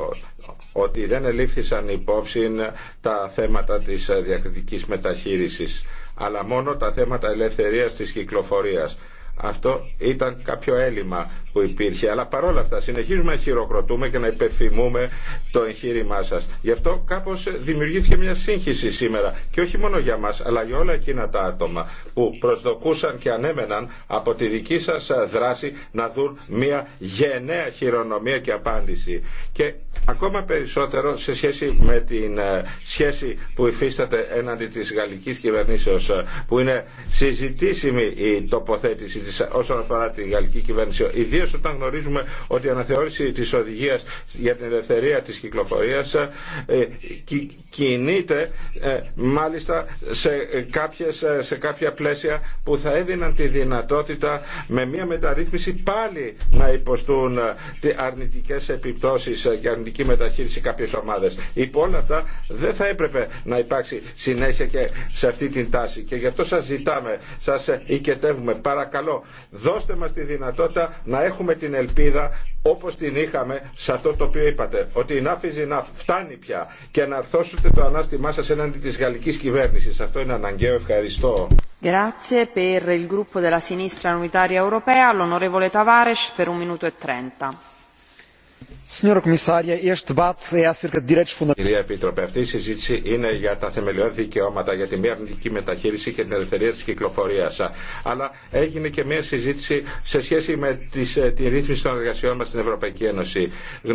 ότι δεν ελήφθησαν υπόψη ε, τα θέματα της διακριτικής μεταχείρισης αλλά μόνο τα θέματα ελευθερίας της κυκλοφορίας. Αυτό ήταν κάποιο έλλειμμα που υπήρχε. Αλλά παρόλα αυτά συνεχίζουμε να χειροκροτούμε και να υπερθυμούμε το εγχείρημά σα. Γι' αυτό κάπω δημιουργήθηκε μια σύγχυση σήμερα. Και όχι μόνο για μα, αλλά για όλα εκείνα τα άτομα που προσδοκούσαν και ανέμεναν από τη δική σα δράση να δουν μια γενναία χειρονομία και απάντηση. Και ακόμα περισσότερο σε σχέση με την ε, σχέση που υφίσταται έναντι της γαλλικής κυβερνήσεως ε, που είναι συζητήσιμη η τοποθέτηση της όσον αφορά τη γαλλική κυβέρνηση ιδίως όταν γνωρίζουμε ότι η αναθεώρηση της οδηγίας για την ελευθερία της κυκλοφορίας ε, κινείται μάλιστα σε, κάποιες, σε κάποια πλαίσια που θα έδιναν τη δυνατότητα με μια μεταρρύθμιση πάλι να υποστούν αρνητικές επιπτώσεις και αρνητικές διακριτική μεταχείριση κάποιε ομάδε. Υπό λοιπόν, όλα αυτά δεν θα έπρεπε να υπάρξει συνέχεια και σε αυτή την τάση. Και γι' αυτό σα ζητάμε, σα οικετεύουμε. Παρακαλώ, δώστε μα τη δυνατότητα να έχουμε την ελπίδα όπω την είχαμε σε αυτό το οποίο είπατε. Ότι η ναύφιζη να φτάνει πια και να αρθώσετε το ανάστημά σα έναντι τη γαλλική κυβέρνηση. Αυτό είναι αναγκαίο. Ευχαριστώ. Grazie per il gruppo della sinistra unitaria europea l'onorevole Tavares per un minuto e trenta. Κυρία Επίτροπε, αυτή η συζήτηση είναι για τα θεμελιώδη δικαιώματα, για τη μη αρνητική μεταχείριση και την ελευθερία τη κυκλοφορία. Αλλά έγινε και μια συζήτηση σε σχέση με τις, ε, τη ρύθμιση των εργασιών μα στην Ευρωπαϊκή Ένωση. Ε,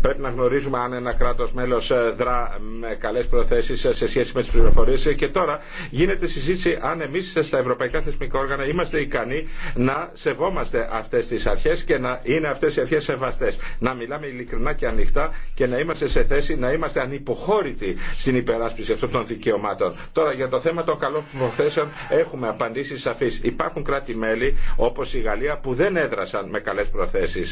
πρέπει να γνωρίζουμε αν ένα κράτο μέλο ε, δρά με καλέ προθέσει σε σχέση με τι πληροφορίε. Και τώρα γίνεται συζήτηση αν εμεί στα ευρωπαϊκά θεσμικά όργανα είμαστε ικανοί να σεβόμαστε αυτέ τι αρχέ και να είναι αυτέ οι αρχέ σεβαστέ να μιλάμε ειλικρινά και ανοιχτά και να είμαστε σε θέση να είμαστε ανυποχώρητοι στην υπεράσπιση αυτών των δικαιωμάτων. Τώρα για το θέμα των καλών προθέσεων έχουμε απαντήσει σαφεί. Υπάρχουν κράτη-μέλη όπω η Γαλλία που δεν έδρασαν με καλέ προθέσει.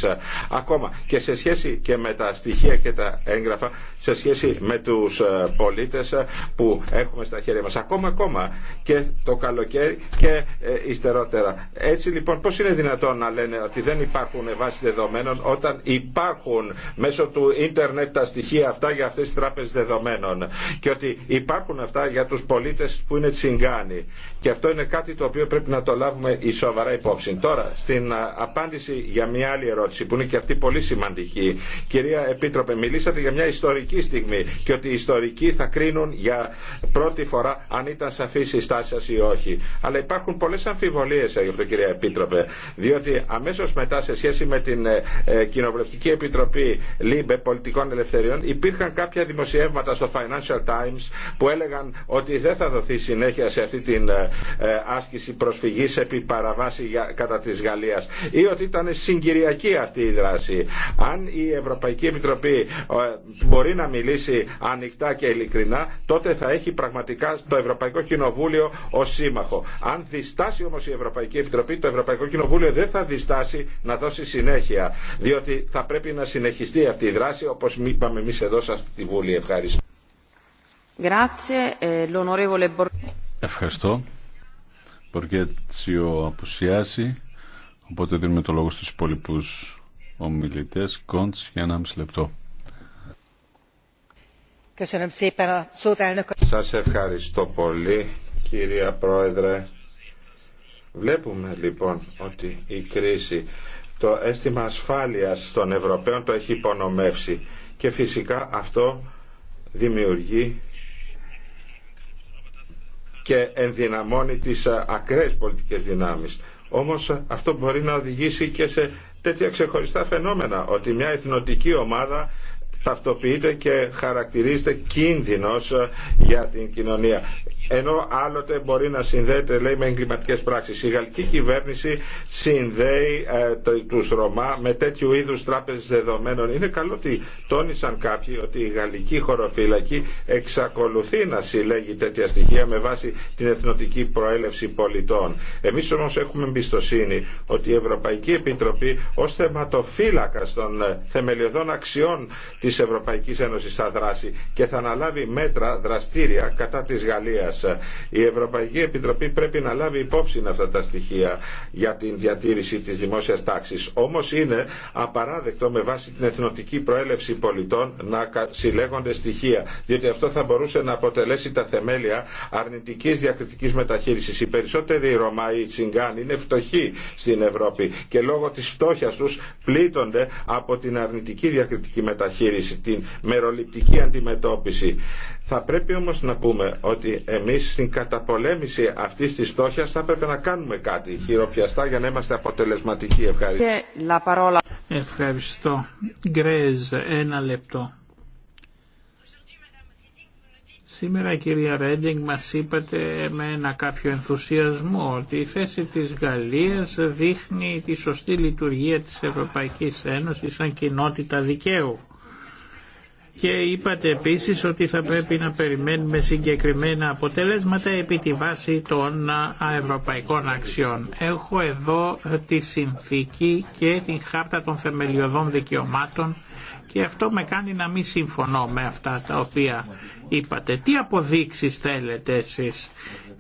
Ακόμα και σε σχέση και με τα στοιχεία και τα έγγραφα, σε σχέση με του ε, πολίτε ε, που έχουμε στα χέρια μα. Ακόμα, ακόμα και το καλοκαίρι και υστερότερα. Ε, Έτσι λοιπόν, πώ είναι δυνατόν να λένε ότι δεν υπάρχουν βάσει δεδομένων όταν υπάρχουν υπάρχουν μέσω του ίντερνετ τα στοιχεία αυτά για αυτές τις τράπεζες δεδομένων και ότι υπάρχουν αυτά για τους πολίτες που είναι τσιγκάνοι και αυτό είναι κάτι το οποίο πρέπει να το λάβουμε η σοβαρά υπόψη. Τώρα, στην απάντηση για μια άλλη ερώτηση που είναι και αυτή πολύ σημαντική. Κυρία Επίτροπε, μιλήσατε για μια ιστορική στιγμή και ότι οι ιστορικοί θα κρίνουν για πρώτη φορά αν ήταν σαφή η στάση σα ή όχι. Αλλά υπάρχουν πολλέ αμφιβολίε ε, γι' αυτό, κυρία Επίτροπε. Διότι αμέσω μετά, σε σχέση με την ε, ε, Κοινοβουλευτική Επιτροπή ΛΥΜΠΕ Πολιτικών Ελευθεριών, υπήρχαν κάποια δημοσιεύματα στο Financial Times που έλεγαν ότι δεν θα δοθεί συνέχεια σε αυτή την ε, άσκηση προσφυγής επί παραβάση κατά της Γαλλίας ή ότι ήταν συγκυριακή αυτή η δράση. Αν η Ευρωπαϊκή Επιτροπή ε, μπορεί να μιλήσει ανοιχτά και ειλικρινά, τότε θα έχει πραγματικά το Ευρωπαϊκό Κοινοβούλιο ω σύμμαχο. Αν διστάσει όμως η Ευρωπαϊκή Επιτροπή, το Ευρωπαϊκό Κοινοβούλιο δεν θα διστάσει να δώσει συνέχεια. Διότι θα πρέπει να συνεχιστεί αυτή η δράση, όπως είπαμε εμεί εδώ σε τη Βουλή. Ευχαριστώ. Ε, Ευχαριστώ. Μποργέτσιο απουσιάσει, οπότε δίνουμε το λόγο στους υπόλοιπους ομιλητές. Κόντς για ένα μισή λεπτό. Σας ευχαριστώ πολύ κυρία Πρόεδρε. Βλέπουμε λοιπόν ότι η κρίση το αίσθημα ασφάλειας των Ευρωπαίων το έχει υπονομεύσει και φυσικά αυτό δημιουργεί και ενδυναμώνει τις ε, ακραίες πολιτικές δυνάμεις. Όμως ε, αυτό μπορεί να οδηγήσει και σε τέτοια ξεχωριστά φαινόμενα, ότι μια εθνοτική ομάδα ταυτοποιείται και χαρακτηρίζεται κίνδυνος ε, για την κοινωνία ενώ άλλοτε μπορεί να συνδέεται λέει με εγκληματικέ πράξει. Η γαλλική κυβέρνηση συνδέει ε, τους Ρωμά με τέτοιου είδου τράπεζε δεδομένων. Είναι καλό ότι τόνισαν κάποιοι ότι η γαλλική χωροφύλακη εξακολουθεί να συλλέγει τέτοια στοιχεία με βάση την εθνοτική προέλευση πολιτών. Εμεί όμω έχουμε εμπιστοσύνη ότι η Ευρωπαϊκή Επιτροπή ω θεματοφύλακα των ε, θεμελιωδών αξιών τη Ευρωπαϊκή Ένωση θα δράσει και θα αναλάβει μέτρα δραστήρια κατά τη Γαλλία. Η Ευρωπαϊκή Επιτροπή πρέπει να λάβει υπόψη αυτά τα στοιχεία για την διατήρηση της δημόσιας τάξης. Όμως είναι απαράδεκτο με βάση την εθνοτική προέλευση πολιτών να συλλέγονται στοιχεία, διότι αυτό θα μπορούσε να αποτελέσει τα θεμέλια αρνητικής διακριτικής μεταχείρισης. Οι περισσότεροι Ρωμά ή Τσιγκάν είναι φτωχοί στην Ευρώπη και λόγω της φτώχειας τους πλήττονται από την αρνητική διακριτική μεταχείριση, την μεροληπτική αντιμετώπιση. Θα πρέπει όμως να πούμε ότι εμείς στην καταπολέμηση αυτής της στόχιας θα έπρεπε να κάνουμε κάτι χειροπιαστά για να είμαστε αποτελεσματικοί. Ευχαριστώ. Ευχαριστώ. Γκρέζ, ένα λεπτό. Σήμερα κυρία Ρέντινγκ μας είπατε με ένα κάποιο ενθουσιασμό ότι η θέση της Γαλλίας δείχνει τη σωστή λειτουργία της Ευρωπαϊκής Ένωσης σαν κοινότητα δικαίου και είπατε επίσης ότι θα πρέπει να περιμένουμε συγκεκριμένα αποτελέσματα επί τη βάση των ευρωπαϊκών αξιών. Έχω εδώ ε, τη συνθήκη και την χάρτα των θεμελιωδών δικαιωμάτων και αυτό με κάνει να μην συμφωνώ με αυτά τα οποία είπατε. Τι αποδείξεις θέλετε εσείς.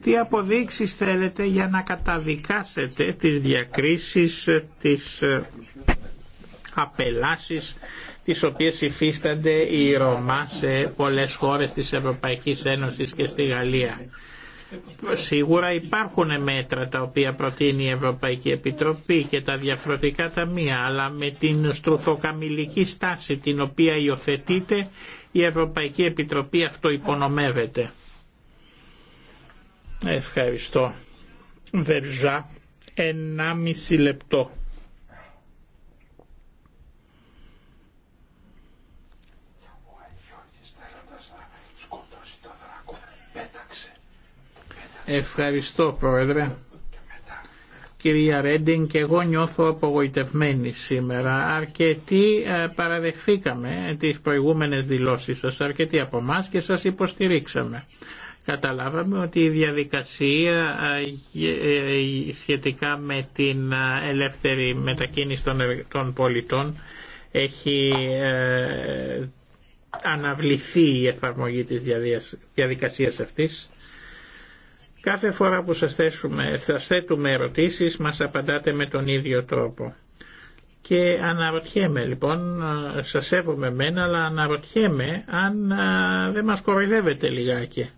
Τι αποδείξεις θέλετε για να καταδικάσετε τις διακρίσεις, ε, τις ε, απελάσεις τις οποίες υφίστανται οι Ρωμά σε πολλές χώρες της Ευρωπαϊκής Ένωσης και στη Γαλλία. Σίγουρα υπάρχουν μέτρα τα οποία προτείνει η Ευρωπαϊκή Επιτροπή και τα διαφορετικά ταμεία, αλλά με την στρουθοκαμιλική στάση την οποία υιοθετείται η Ευρωπαϊκή Επιτροπή αυτό υπονομεύεται. Ευχαριστώ. Βερζά, 1,5 λεπτό. Ευχαριστώ Πρόεδρε. Κυρία Ρέντιν και εγώ νιώθω απογοητευμένη σήμερα. Αρκετοί ε, παραδεχθήκαμε τις προηγούμενες δηλώσεις σας, αρκετοί από εμά και σας υποστηρίξαμε. Καταλάβαμε ότι η διαδικασία ε, ε, σχετικά με την ελεύθερη μετακίνηση των πολιτών έχει αναβληθεί η εφαρμογή της διαδικασίας αυτής Κάθε φορά που σας θέσουμε, σας θέτουμε ερωτήσεις μας απαντάτε με τον ίδιο τρόπο. Και αναρωτιέμαι λοιπόν, σας σέβομαι μένα, αλλά αναρωτιέμαι αν δεν μας κοροϊδεύετε λιγάκι.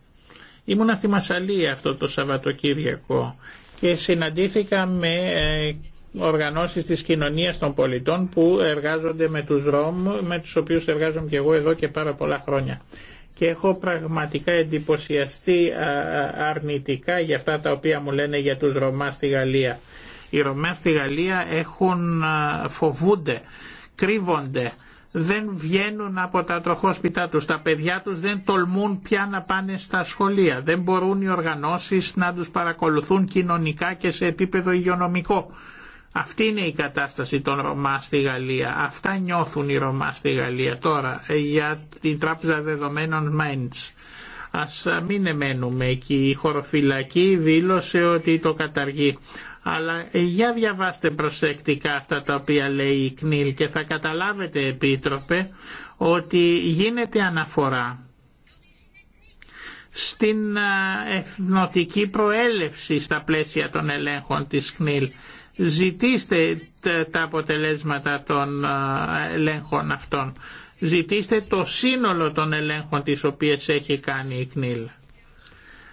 Ήμουνα στη Μασαλία αυτό το Σαββατοκύριακο και συναντήθηκα με ε, οργανώσεις της κοινωνίας των πολιτών που εργάζονται με τους Ρώμ, με τους οποίους εργάζομαι και εγώ εδώ και πάρα πολλά χρόνια και έχω πραγματικά εντυπωσιαστεί αρνητικά για αυτά τα οποία μου λένε για τους Ρωμά στη Γαλλία. Οι Ρωμά στη Γαλλία έχουν, φοβούνται, κρύβονται, δεν βγαίνουν από τα τροχόσπιτά τους. Τα παιδιά τους δεν τολμούν πια να πάνε στα σχολεία. Δεν μπορούν οι οργανώσεις να τους παρακολουθούν κοινωνικά και σε επίπεδο υγειονομικό. Αυτή είναι η κατάσταση των Ρωμά στη Γαλλία. Αυτά νιώθουν οι Ρωμά στη Γαλλία. Τώρα, ε, για την Τράπεζα Δεδομένων Μέντς. Ας ε, μην εμένουμε εκεί. Η χωροφυλακή δήλωσε ότι το καταργεί. Αλλά ε, για διαβάστε προσεκτικά αυτά τα οποία λέει η ΚΝΙΛ και θα καταλάβετε, Επίτροπε, ότι γίνεται αναφορά στην εθνοτική προέλευση στα πλαίσια των ελέγχων της ΚΝΙΛ Ζητήστε τα αποτελέσματα των ελέγχων αυτών. Ζητήστε το σύνολο των ελέγχων τις οποίες έχει κάνει η ΚΝΙΛ.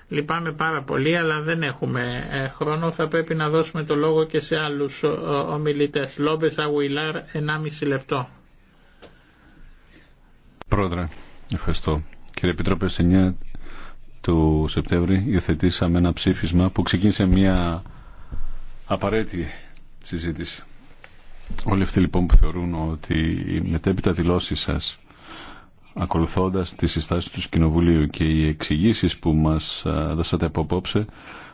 Λυπάμαι πάρα πολύ, αλλά δεν έχουμε ε, χρόνο. Θα πρέπει να δώσουμε το λόγο και σε άλλους ομιλητές. Λόμπες Αγουιλάρ, 1,5 λεπτό. Πρόεδρε, ευχαριστώ. Κύριε Επιτρόπε, 9 του Σεπτέμβρη υιοθετήσαμε ένα ψήφισμα που ξεκίνησε μια απαραίτητη συζήτηση. Όλοι αυτοί λοιπόν που θεωρούν ότι οι μετέπειτα δηλώσεις σας ακολουθώντας τις συστάσεις του Κοινοβουλίου και οι εξηγήσει που μας δώσατε από απόψε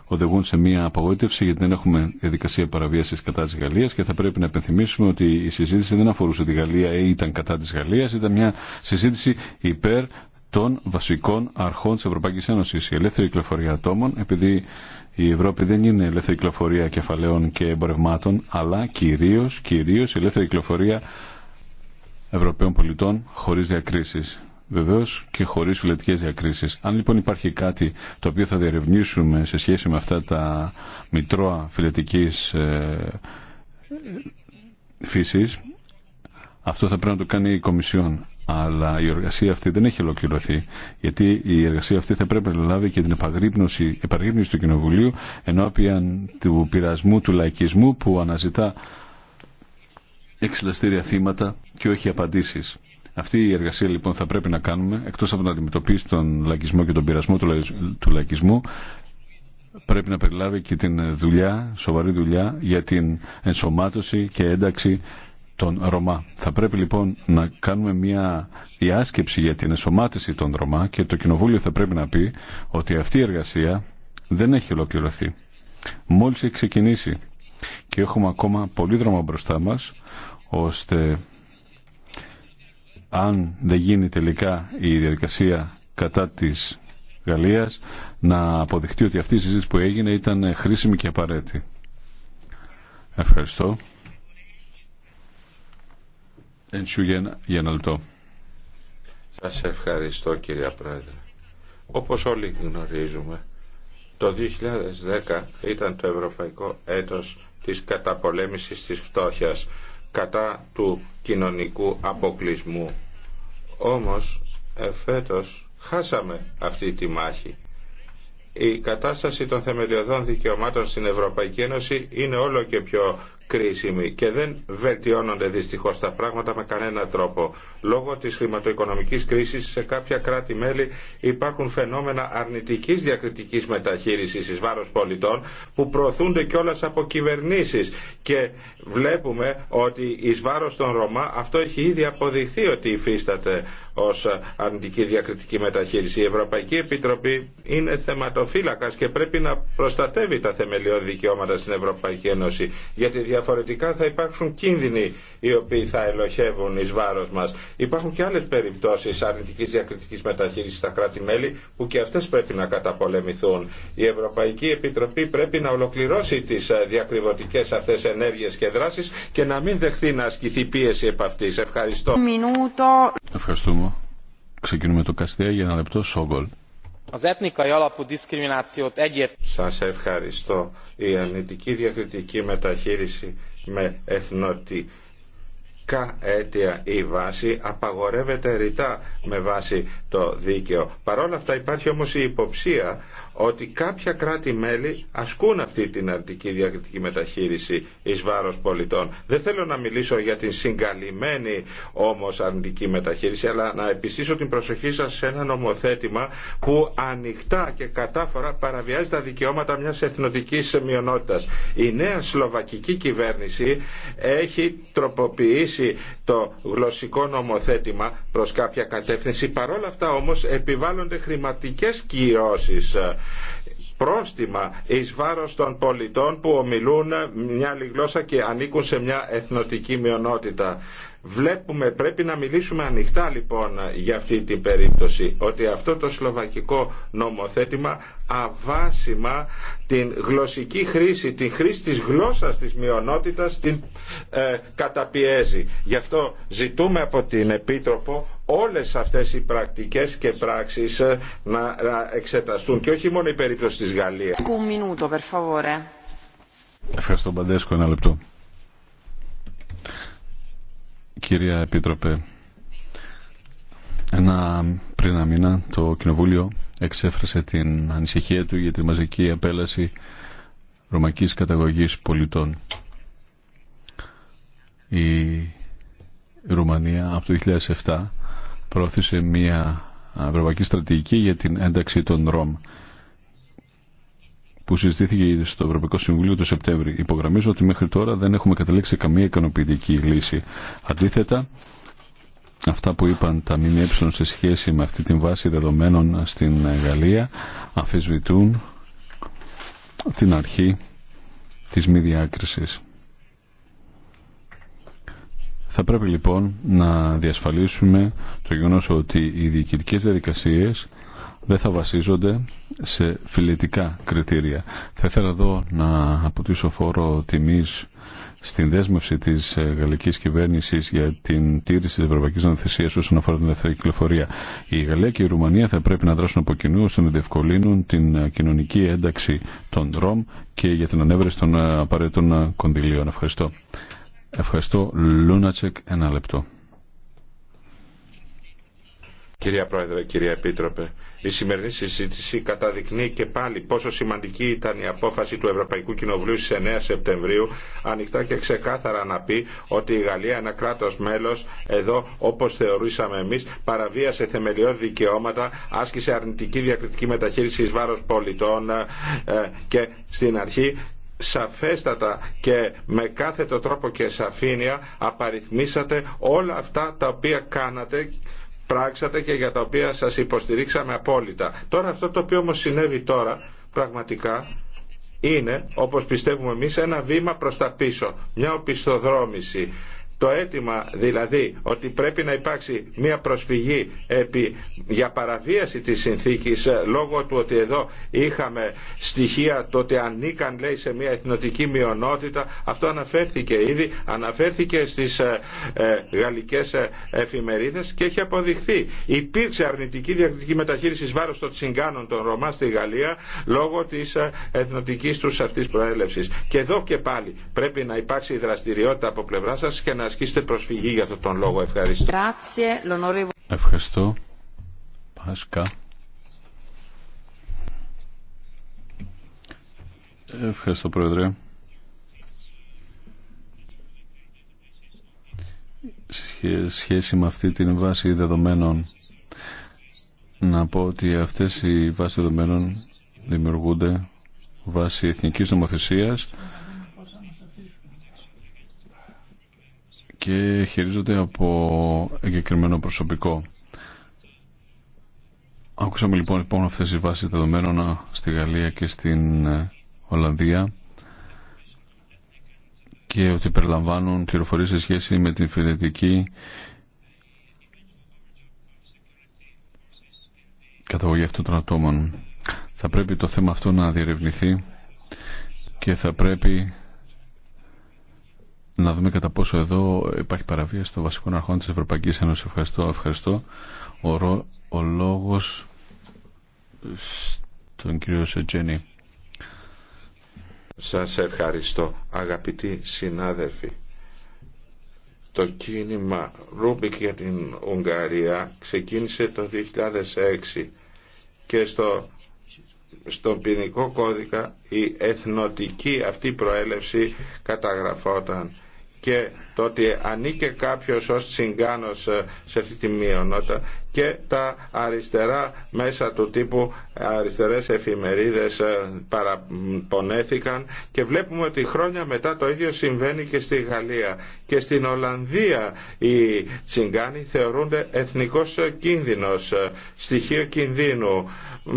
οδηγούν σε μια απογοήτευση γιατί δεν έχουμε διαδικασία παραβίασης κατά της Γαλλίας και θα πρέπει να επενθυμίσουμε ότι η συζήτηση δεν αφορούσε τη Γαλλία ή ήταν κατά της Γαλλίας, ήταν μια συζήτηση υπέρ των βασικών αρχών της Ευρωπαϊκής Ένωσης. Η ελεύθερη κυκλοφορία ατόμων, επειδή η Ευρώπη δεν είναι ελεύθερη κυκλοφορία κεφαλαίων και εμπορευμάτων, αλλά κυρίως, κυρίως ελεύθερη κυκλοφορία Ευρωπαίων πολιτών χωρίς διακρίσεις. Βεβαίως και χωρίς φιλετικές διακρίσεις. Αν λοιπόν υπάρχει κάτι το οποίο θα διαρευνήσουμε σε σχέση με αυτά τα μητρώα φιλετικής ε, φύσης, αυτό θα πρέπει να το κάνει η Κομισιόν αλλά η εργασία αυτή δεν έχει ολοκληρωθεί, γιατί η εργασία αυτή θα πρέπει να λάβει και την επαγρύπνωση, επαγρύπνωση του Κοινοβουλίου ενώπιαν του πειρασμού του λαϊκισμού που αναζητά εξελαστήρια θύματα και όχι απαντήσεις. Αυτή η εργασία λοιπόν θα πρέπει να κάνουμε, εκτός από να αντιμετωπίσει τον λαϊκισμό και τον πειρασμό του λαϊκισμού, πρέπει να περιλάβει και την δουλειά, σοβαρή δουλειά, για την ενσωμάτωση και ένταξη τον Ρωμά. Θα πρέπει λοιπόν να κάνουμε μια διάσκεψη για την εσωμάτηση των Ρωμά και το Κοινοβούλιο θα πρέπει να πει ότι αυτή η εργασία δεν έχει ολοκληρωθεί. Μόλις έχει ξεκινήσει και έχουμε ακόμα πολύ δρόμο μπροστά μας ώστε αν δεν γίνει τελικά η διαδικασία κατά της Γαλλίας να αποδειχτεί ότι αυτή η συζήτηση που έγινε ήταν χρήσιμη και απαραίτητη. Ευχαριστώ. Εντσούγεν Σας ευχαριστώ κυρία Πρόεδρε. Όπως όλοι γνωρίζουμε, το 2010 ήταν το ευρωπαϊκό έτος της καταπολέμησης της φτώχειας κατά του κοινωνικού αποκλεισμού. Όμως, εφέτος χάσαμε αυτή τη μάχη. Η κατάσταση των θεμελιωδών δικαιωμάτων στην Ευρωπαϊκή Ένωση είναι όλο και πιο κρίσιμη και δεν βελτιώνονται δυστυχώς τα πράγματα με κανένα τρόπο. Λόγω της χρηματοοικονομικής κρίσης σε κάποια κράτη-μέλη υπάρχουν φαινόμενα αρνητικής διακριτικής μεταχείρισης εις βάρος πολιτών που προωθούνται κιόλας από κυβερνήσεις και βλέπουμε ότι εις βάρος των Ρωμά αυτό έχει ήδη αποδειχθεί ότι υφίσταται ως αρνητική διακριτική μεταχείριση. Η Ευρωπαϊκή Επιτροπή είναι θεματοφύλακας και πρέπει να προστατεύει τα θεμελιώδη δικαιώματα στην Ευρωπαϊκή Ένωση γιατί διαφορετικά θα υπάρξουν κίνδυνοι οι οποίοι θα ελοχεύουν εις βάρος μας. Υπάρχουν και άλλες περιπτώσεις αρνητικής διακριτικής μεταχείρισης στα κράτη-μέλη που και αυτές πρέπει να καταπολεμηθούν. Η Ευρωπαϊκή Επιτροπή πρέπει να ολοκληρώσει τις ε, διακριβωτικές αυτές ενέργειες και δράσεις και να μην δεχθεί να ασκηθεί πίεση επ' Ευχαριστώ. Ευχαριστούμε. Ξεκινούμε το Καστέα για ένα λεπτό. Σόγκολ. Σας ευχαριστώ. Η αρνητική διακριτική μεταχείριση με εθνότητα κα αίτια η βάση απαγορεύεται ρητά με βάση το δίκαιο. Παρόλα αυτά υπάρχει όμως η υποψία ότι κάποια κράτη-μέλη ασκούν αυτή την αρνητική διακριτική μεταχείριση εις βάρος πολιτών. Δεν θέλω να μιλήσω για την συγκαλυμμένη όμως αρνητική μεταχείριση, αλλά να επιστήσω την προσοχή σας σε ένα νομοθέτημα που ανοιχτά και κατάφορα παραβιάζει τα δικαιώματα μιας εθνοτικής μειονότητας. Η νέα σλοβακική κυβέρνηση έχει τροποποιήσει το γλωσσικό νομοθέτημα προς κάποια κατεύθυνση. Παρόλα αυτά όμως επιβάλλονται χρηματικές κυρώσεις ε, πρόστιμα εις βάρος των πολιτών που ομιλούν μια άλλη γλώσσα και ανήκουν σε μια εθνοτική μειονότητα. Βλέπουμε, πρέπει να μιλήσουμε ανοιχτά λοιπόν για αυτή την περίπτωση, ότι αυτό το σλοβακικό νομοθέτημα αβάσιμα την γλωσσική χρήση, την χρήση της γλώσσας της μειονότητας την ε, καταπιέζει. Γι' αυτό ζητούμε από την Επίτροπο όλες αυτές οι πρακτικές και πράξεις ε, να εξεταστούν και όχι μόνο η περίπτωση της Γαλλίας. Ευχαριστώ Μπαντέσκο, ένα λεπτό. Κυρία Επίτροπε, ένα πριν ένα μήνα το Κοινοβούλιο εξέφρασε την ανησυχία του για τη μαζική απέλαση ρωμακής καταγωγής πολιτών. Η Ρουμανία από το 2007 πρόθεσε μια ευρωπαϊκή στρατηγική για την ένταξη των Ρώμ που συζητήθηκε στο Ευρωπαϊκό Συμβουλίο το Σεπτέμβριο. Υπογραμμίζω ότι μέχρι τώρα δεν έχουμε καταλήξει καμία ικανοποιητική λύση. Αντίθετα, αυτά που είπαν τα ΜΜΕ σε σχέση με αυτή την βάση δεδομένων στην Γαλλία αφισβητούν την αρχή της μη διάκρισης. Θα πρέπει λοιπόν να διασφαλίσουμε το γεγονός ότι οι διοικητικές διαδικασίες δεν θα βασίζονται σε φιλετικά κριτήρια. Θα ήθελα εδώ να αποτύσω φόρο τιμής στην δέσμευση τη ε, γαλλική κυβέρνηση για την τήρηση τη ευρωπαϊκή νομοθεσία όσον αφορά την ελευθερή κυκλοφορία. Η Γαλλία και η Ρουμανία θα πρέπει να δράσουν από κοινού ώστε να διευκολύνουν την ε, κοινωνική ένταξη των ΡΟΜ και για την ανέβρεση των ε, απαραίτητων κονδυλίων. Ευχαριστώ. Ευχαριστώ. Λούνατσεκ, ένα λεπτό. Κυρία Πρόεδρε, κυρία Επίτροπε, η σημερινή συζήτηση καταδεικνύει και πάλι πόσο σημαντική ήταν η απόφαση του Ευρωπαϊκού Κοινοβουλίου στις 9 Σεπτεμβρίου ανοιχτά και ξεκάθαρα να πει ότι η Γαλλία, ένα κράτος μέλος, εδώ όπως θεωρούσαμε εμείς, παραβίασε θεμελιώδη δικαιώματα, άσκησε αρνητική διακριτική μεταχείριση εις βάρος πολιτών ε, ε, και στην αρχή σαφέστατα και με κάθετο τρόπο και σαφήνεια απαριθμίσατε όλα αυτά τα οποία κάνατε πράξατε και για τα οποία σας υποστηρίξαμε απόλυτα. Τώρα αυτό το οποίο όμως συνέβη τώρα πραγματικά είναι, όπως πιστεύουμε εμείς, ένα βήμα προς τα πίσω, μια οπισθοδρόμηση το αίτημα δηλαδή ότι πρέπει να υπάρξει μια προσφυγή επί, για παραβίαση της συνθήκης ε, λόγω του ότι εδώ είχαμε στοιχεία το ότι ανήκαν λέει σε μια εθνοτική μειονότητα αυτό αναφέρθηκε ήδη αναφέρθηκε στις ε, ε, γαλλικές ε, εφημερίδες και έχει αποδειχθεί υπήρξε αρνητική διακριτική μεταχείριση βάρος των τσιγκάνων των Ρωμά στη Γαλλία λόγω της ε, εθνοτικής τους αυτής προέλευσης και εδώ και πάλι πρέπει να υπάρξει δραστηριότητα από πλευρά και να να ασκήσετε προσφυγή για αυτόν τον λόγο. Ευχαριστώ. Ευχαριστώ. Πάσκα. Ευχαριστώ, Πρόεδρε. σχέση με αυτή την βάση δεδομένων, να πω ότι αυτές οι βάσεις δεδομένων δημιουργούνται βάσει εθνικής νομοθεσίας και χειρίζονται από εγκεκριμένο προσωπικό. Άκουσαμε λοιπόν, λοιπόν αυτές οι βάσεις δεδομένων στη Γαλλία και στην ε, Ολλανδία και ότι περιλαμβάνουν πληροφορίες σε σχέση με την φιλετική καταγωγή αυτών των ατόμων. Θα πρέπει το θέμα αυτό να διερευνηθεί και θα πρέπει να δούμε κατά πόσο εδώ υπάρχει παραβίαση των βασικών αρχών της Ευρωπαϊκής Ένωσης. Ευχαριστώ, ευχαριστώ. Ο, λόγος στον κύριο Σετζένι. Σας ευχαριστώ, αγαπητοί συνάδελφοι. Το κίνημα Ρούμπικ για την Ουγγαρία ξεκίνησε το 2006 και στο στον ποινικό κώδικα η εθνοτική αυτή προέλευση καταγραφόταν και το ότι ανήκε κάποιος ως συγκάνος ε, σε αυτή τη μειονότητα και τα αριστερά μέσα του τύπου ε, αριστερές εφημερίδες ε, παραπονέθηκαν και βλέπουμε ότι χρόνια μετά το ίδιο συμβαίνει και στη Γαλλία και στην Ολλανδία οι τσιγκάνοι θεωρούνται εθνικός κίνδυνος, στοιχείο κινδύνου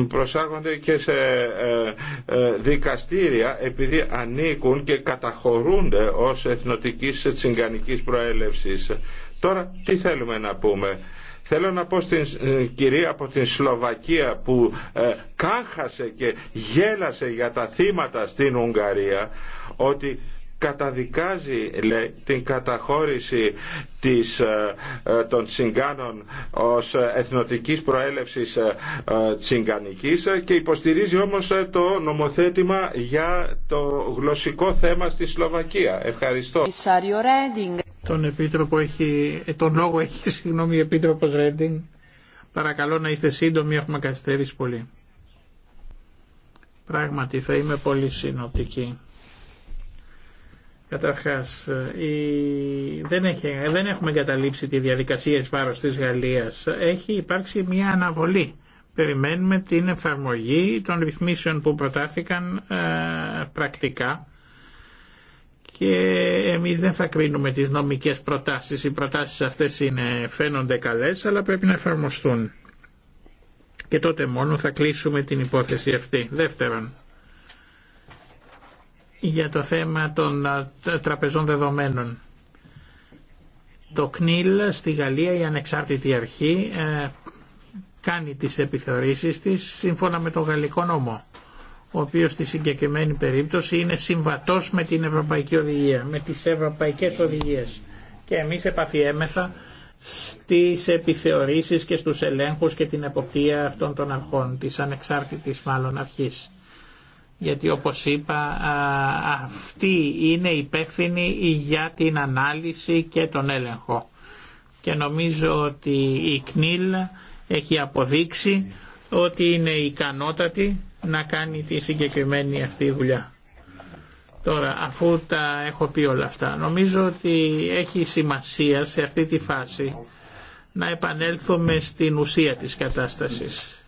προσάγονται και σε δικαστήρια επειδή ανήκουν και καταχωρούνται ως εθνοτικοί της τσιγκανικής προέλευσης. Τώρα τι θέλουμε να πούμε. Θέλω να πω στην ε, κυρία από την Σλοβακία που ε, κάχασε και γέλασε για τα θύματα στην Ουγγαρία ότι καταδικάζει την καταχώρηση της, ε, ε, των τσιγκάνων ως εθνοτικής προέλευσης ε, τσιγκανικής και υποστηρίζει όμως το νομοθέτημα για το γλωσσικό θέμα στη Σλοβακία. Ευχαριστώ. Τον, επίτροπο έχει, τον λόγο έχει συγγνώμη, επίτροπο Ρέντινγκ. Παρακαλώ να είστε σύντομοι, έχουμε καθυστερήσει πολύ. Πράγματι θα είμαι πολύ συνοπτική. Καταρχάς, ε, δεν, ε, δεν έχουμε καταλήψει τη διαδικασία εις βάρο της Γαλλίας. Έχει υπάρξει μια αναβολή. Περιμένουμε την εφαρμογή των ρυθμίσεων που προτάθηκαν ε, πρακτικά και εμείς δεν θα κρίνουμε τις νομικές προτάσεις. Οι προτάσεις αυτές είναι, φαίνονται καλές, αλλά πρέπει να εφαρμοστούν. Και τότε μόνο θα κλείσουμε την υπόθεση αυτή. Δεύτερον, για το θέμα των τραπεζών δεδομένων. Το ΚΝΙΛ στη Γαλλία η ανεξάρτητη αρχή ε, κάνει τις επιθεωρήσεις της σύμφωνα με τον γαλλικό νόμο ο οποίος στη συγκεκριμένη περίπτωση είναι συμβατός με την Ευρωπαϊκή Οδηγία, με τις Ευρωπαϊκές Οδηγίες. Και εμείς επαφιέμεθα στις επιθεωρήσεις και στους ελέγχους και την εποπτεία αυτών των αρχών, της ανεξάρτητης μάλλον αρχής γιατί όπως είπα αυτή είναι υπεύθυνη για την ανάλυση και τον έλεγχο. Και νομίζω ότι η ΚΝΙΛ έχει αποδείξει ότι είναι ικανότατη να κάνει τη συγκεκριμένη αυτή δουλειά. Τώρα, αφού τα έχω πει όλα αυτά, νομίζω ότι έχει σημασία σε αυτή τη φάση να επανέλθουμε στην ουσία της κατάστασης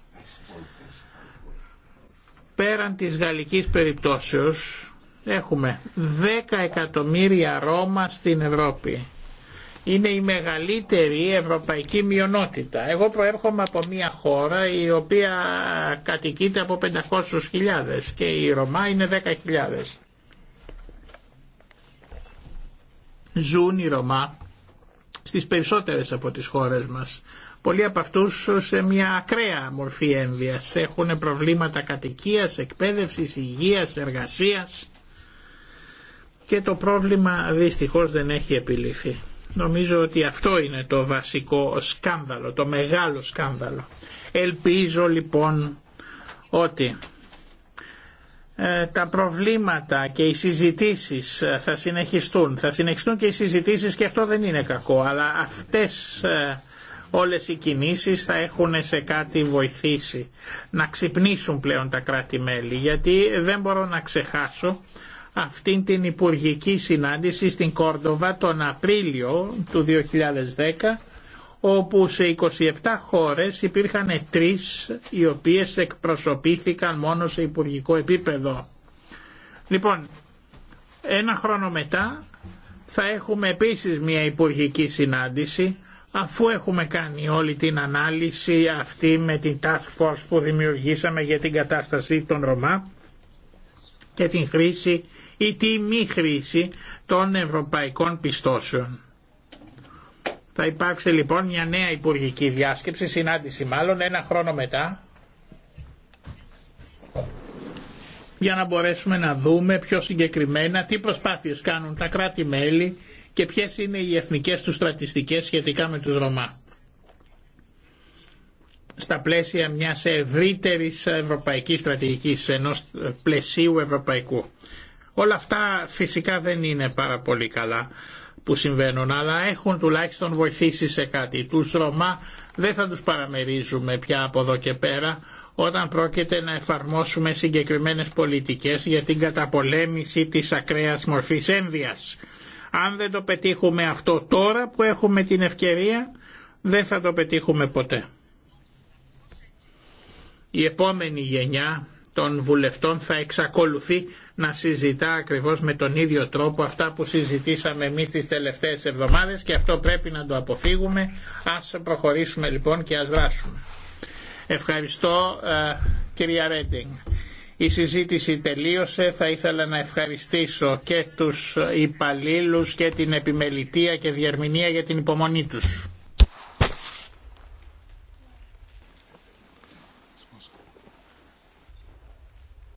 πέραν της γαλλικής περιπτώσεως έχουμε 10 εκατομμύρια Ρώμα στην Ευρώπη. Είναι η μεγαλύτερη ευρωπαϊκή μειονότητα. Εγώ προέρχομαι από μια χώρα η οποία κατοικείται από 500.000 και η Ρωμά είναι 10.000. Ζουν οι Ρωμά στις περισσότερες από τις χώρες μας. Πολλοί από αυτούς σε μια ακραία μορφή ένδυας έχουν προβλήματα κατοικίας, εκπαίδευσης, υγείας, εργασίας και το πρόβλημα δυστυχώς δεν έχει επιληθεί. Νομίζω ότι αυτό είναι το βασικό σκάνδαλο, το μεγάλο σκάνδαλο. Ελπίζω λοιπόν ότι ε, τα προβλήματα και οι συζητήσεις ε, θα συνεχιστούν. Θα συνεχιστούν και οι συζητήσεις και αυτό δεν είναι κακό, αλλά αυτές ε, όλες οι κινήσεις θα έχουν σε κάτι βοηθήσει. Να ξυπνήσουν πλέον τα κράτη-μέλη, γιατί δεν μπορώ να ξεχάσω αυτήν την υπουργική συνάντηση στην Κόρδοβα τον Απρίλιο του 2010, όπου σε 27 χώρες υπήρχαν τρεις οι οποίες εκπροσωπήθηκαν μόνο σε υπουργικό επίπεδο. Λοιπόν, ένα χρόνο μετά θα έχουμε επίσης μια υπουργική συνάντηση Αφού έχουμε κάνει όλη την ανάλυση αυτή με την task force που δημιουργήσαμε για την κατάσταση των Ρωμά και την χρήση ή τη μη χρήση των ευρωπαϊκών πιστώσεων. Θα υπάρξει λοιπόν μια νέα υπουργική διάσκεψη, συνάντηση μάλλον ένα χρόνο μετά, για να μπορέσουμε να δούμε πιο συγκεκριμένα τι προσπάθειες κάνουν τα κράτη-μέλη και ποιες είναι οι εθνικές του στρατιστικές σχετικά με τους Ρωμά. Στα πλαίσια μιας ευρύτερης ευρωπαϊκής στρατηγικής, ενός πλαισίου ευρωπαϊκού. Όλα αυτά φυσικά δεν είναι πάρα πολύ καλά που συμβαίνουν, αλλά έχουν τουλάχιστον βοηθήσει σε κάτι. Τους Ρωμά δεν θα τους παραμερίζουμε πια από εδώ και πέρα, όταν πρόκειται να εφαρμόσουμε συγκεκριμένες πολιτικές για την καταπολέμηση της ακραίας μορφής ένδυας. Αν δεν το πετύχουμε αυτό τώρα που έχουμε την ευκαιρία, δεν θα το πετύχουμε ποτέ. Η επόμενη γενιά των βουλευτών θα εξακολουθεί να συζητά ακριβώς με τον ίδιο τρόπο αυτά που συζητήσαμε εμείς τις τελευταίες εβδομάδες και αυτό πρέπει να το αποφύγουμε. Ας προχωρήσουμε λοιπόν και ας δράσουμε. Ευχαριστώ ε, κυρία Ρέντινγκ. Η συζήτηση τελείωσε. Θα ήθελα να ευχαριστήσω και τους υπαλλήλους και την επιμελητία και διαρμηνία για την υπομονή τους.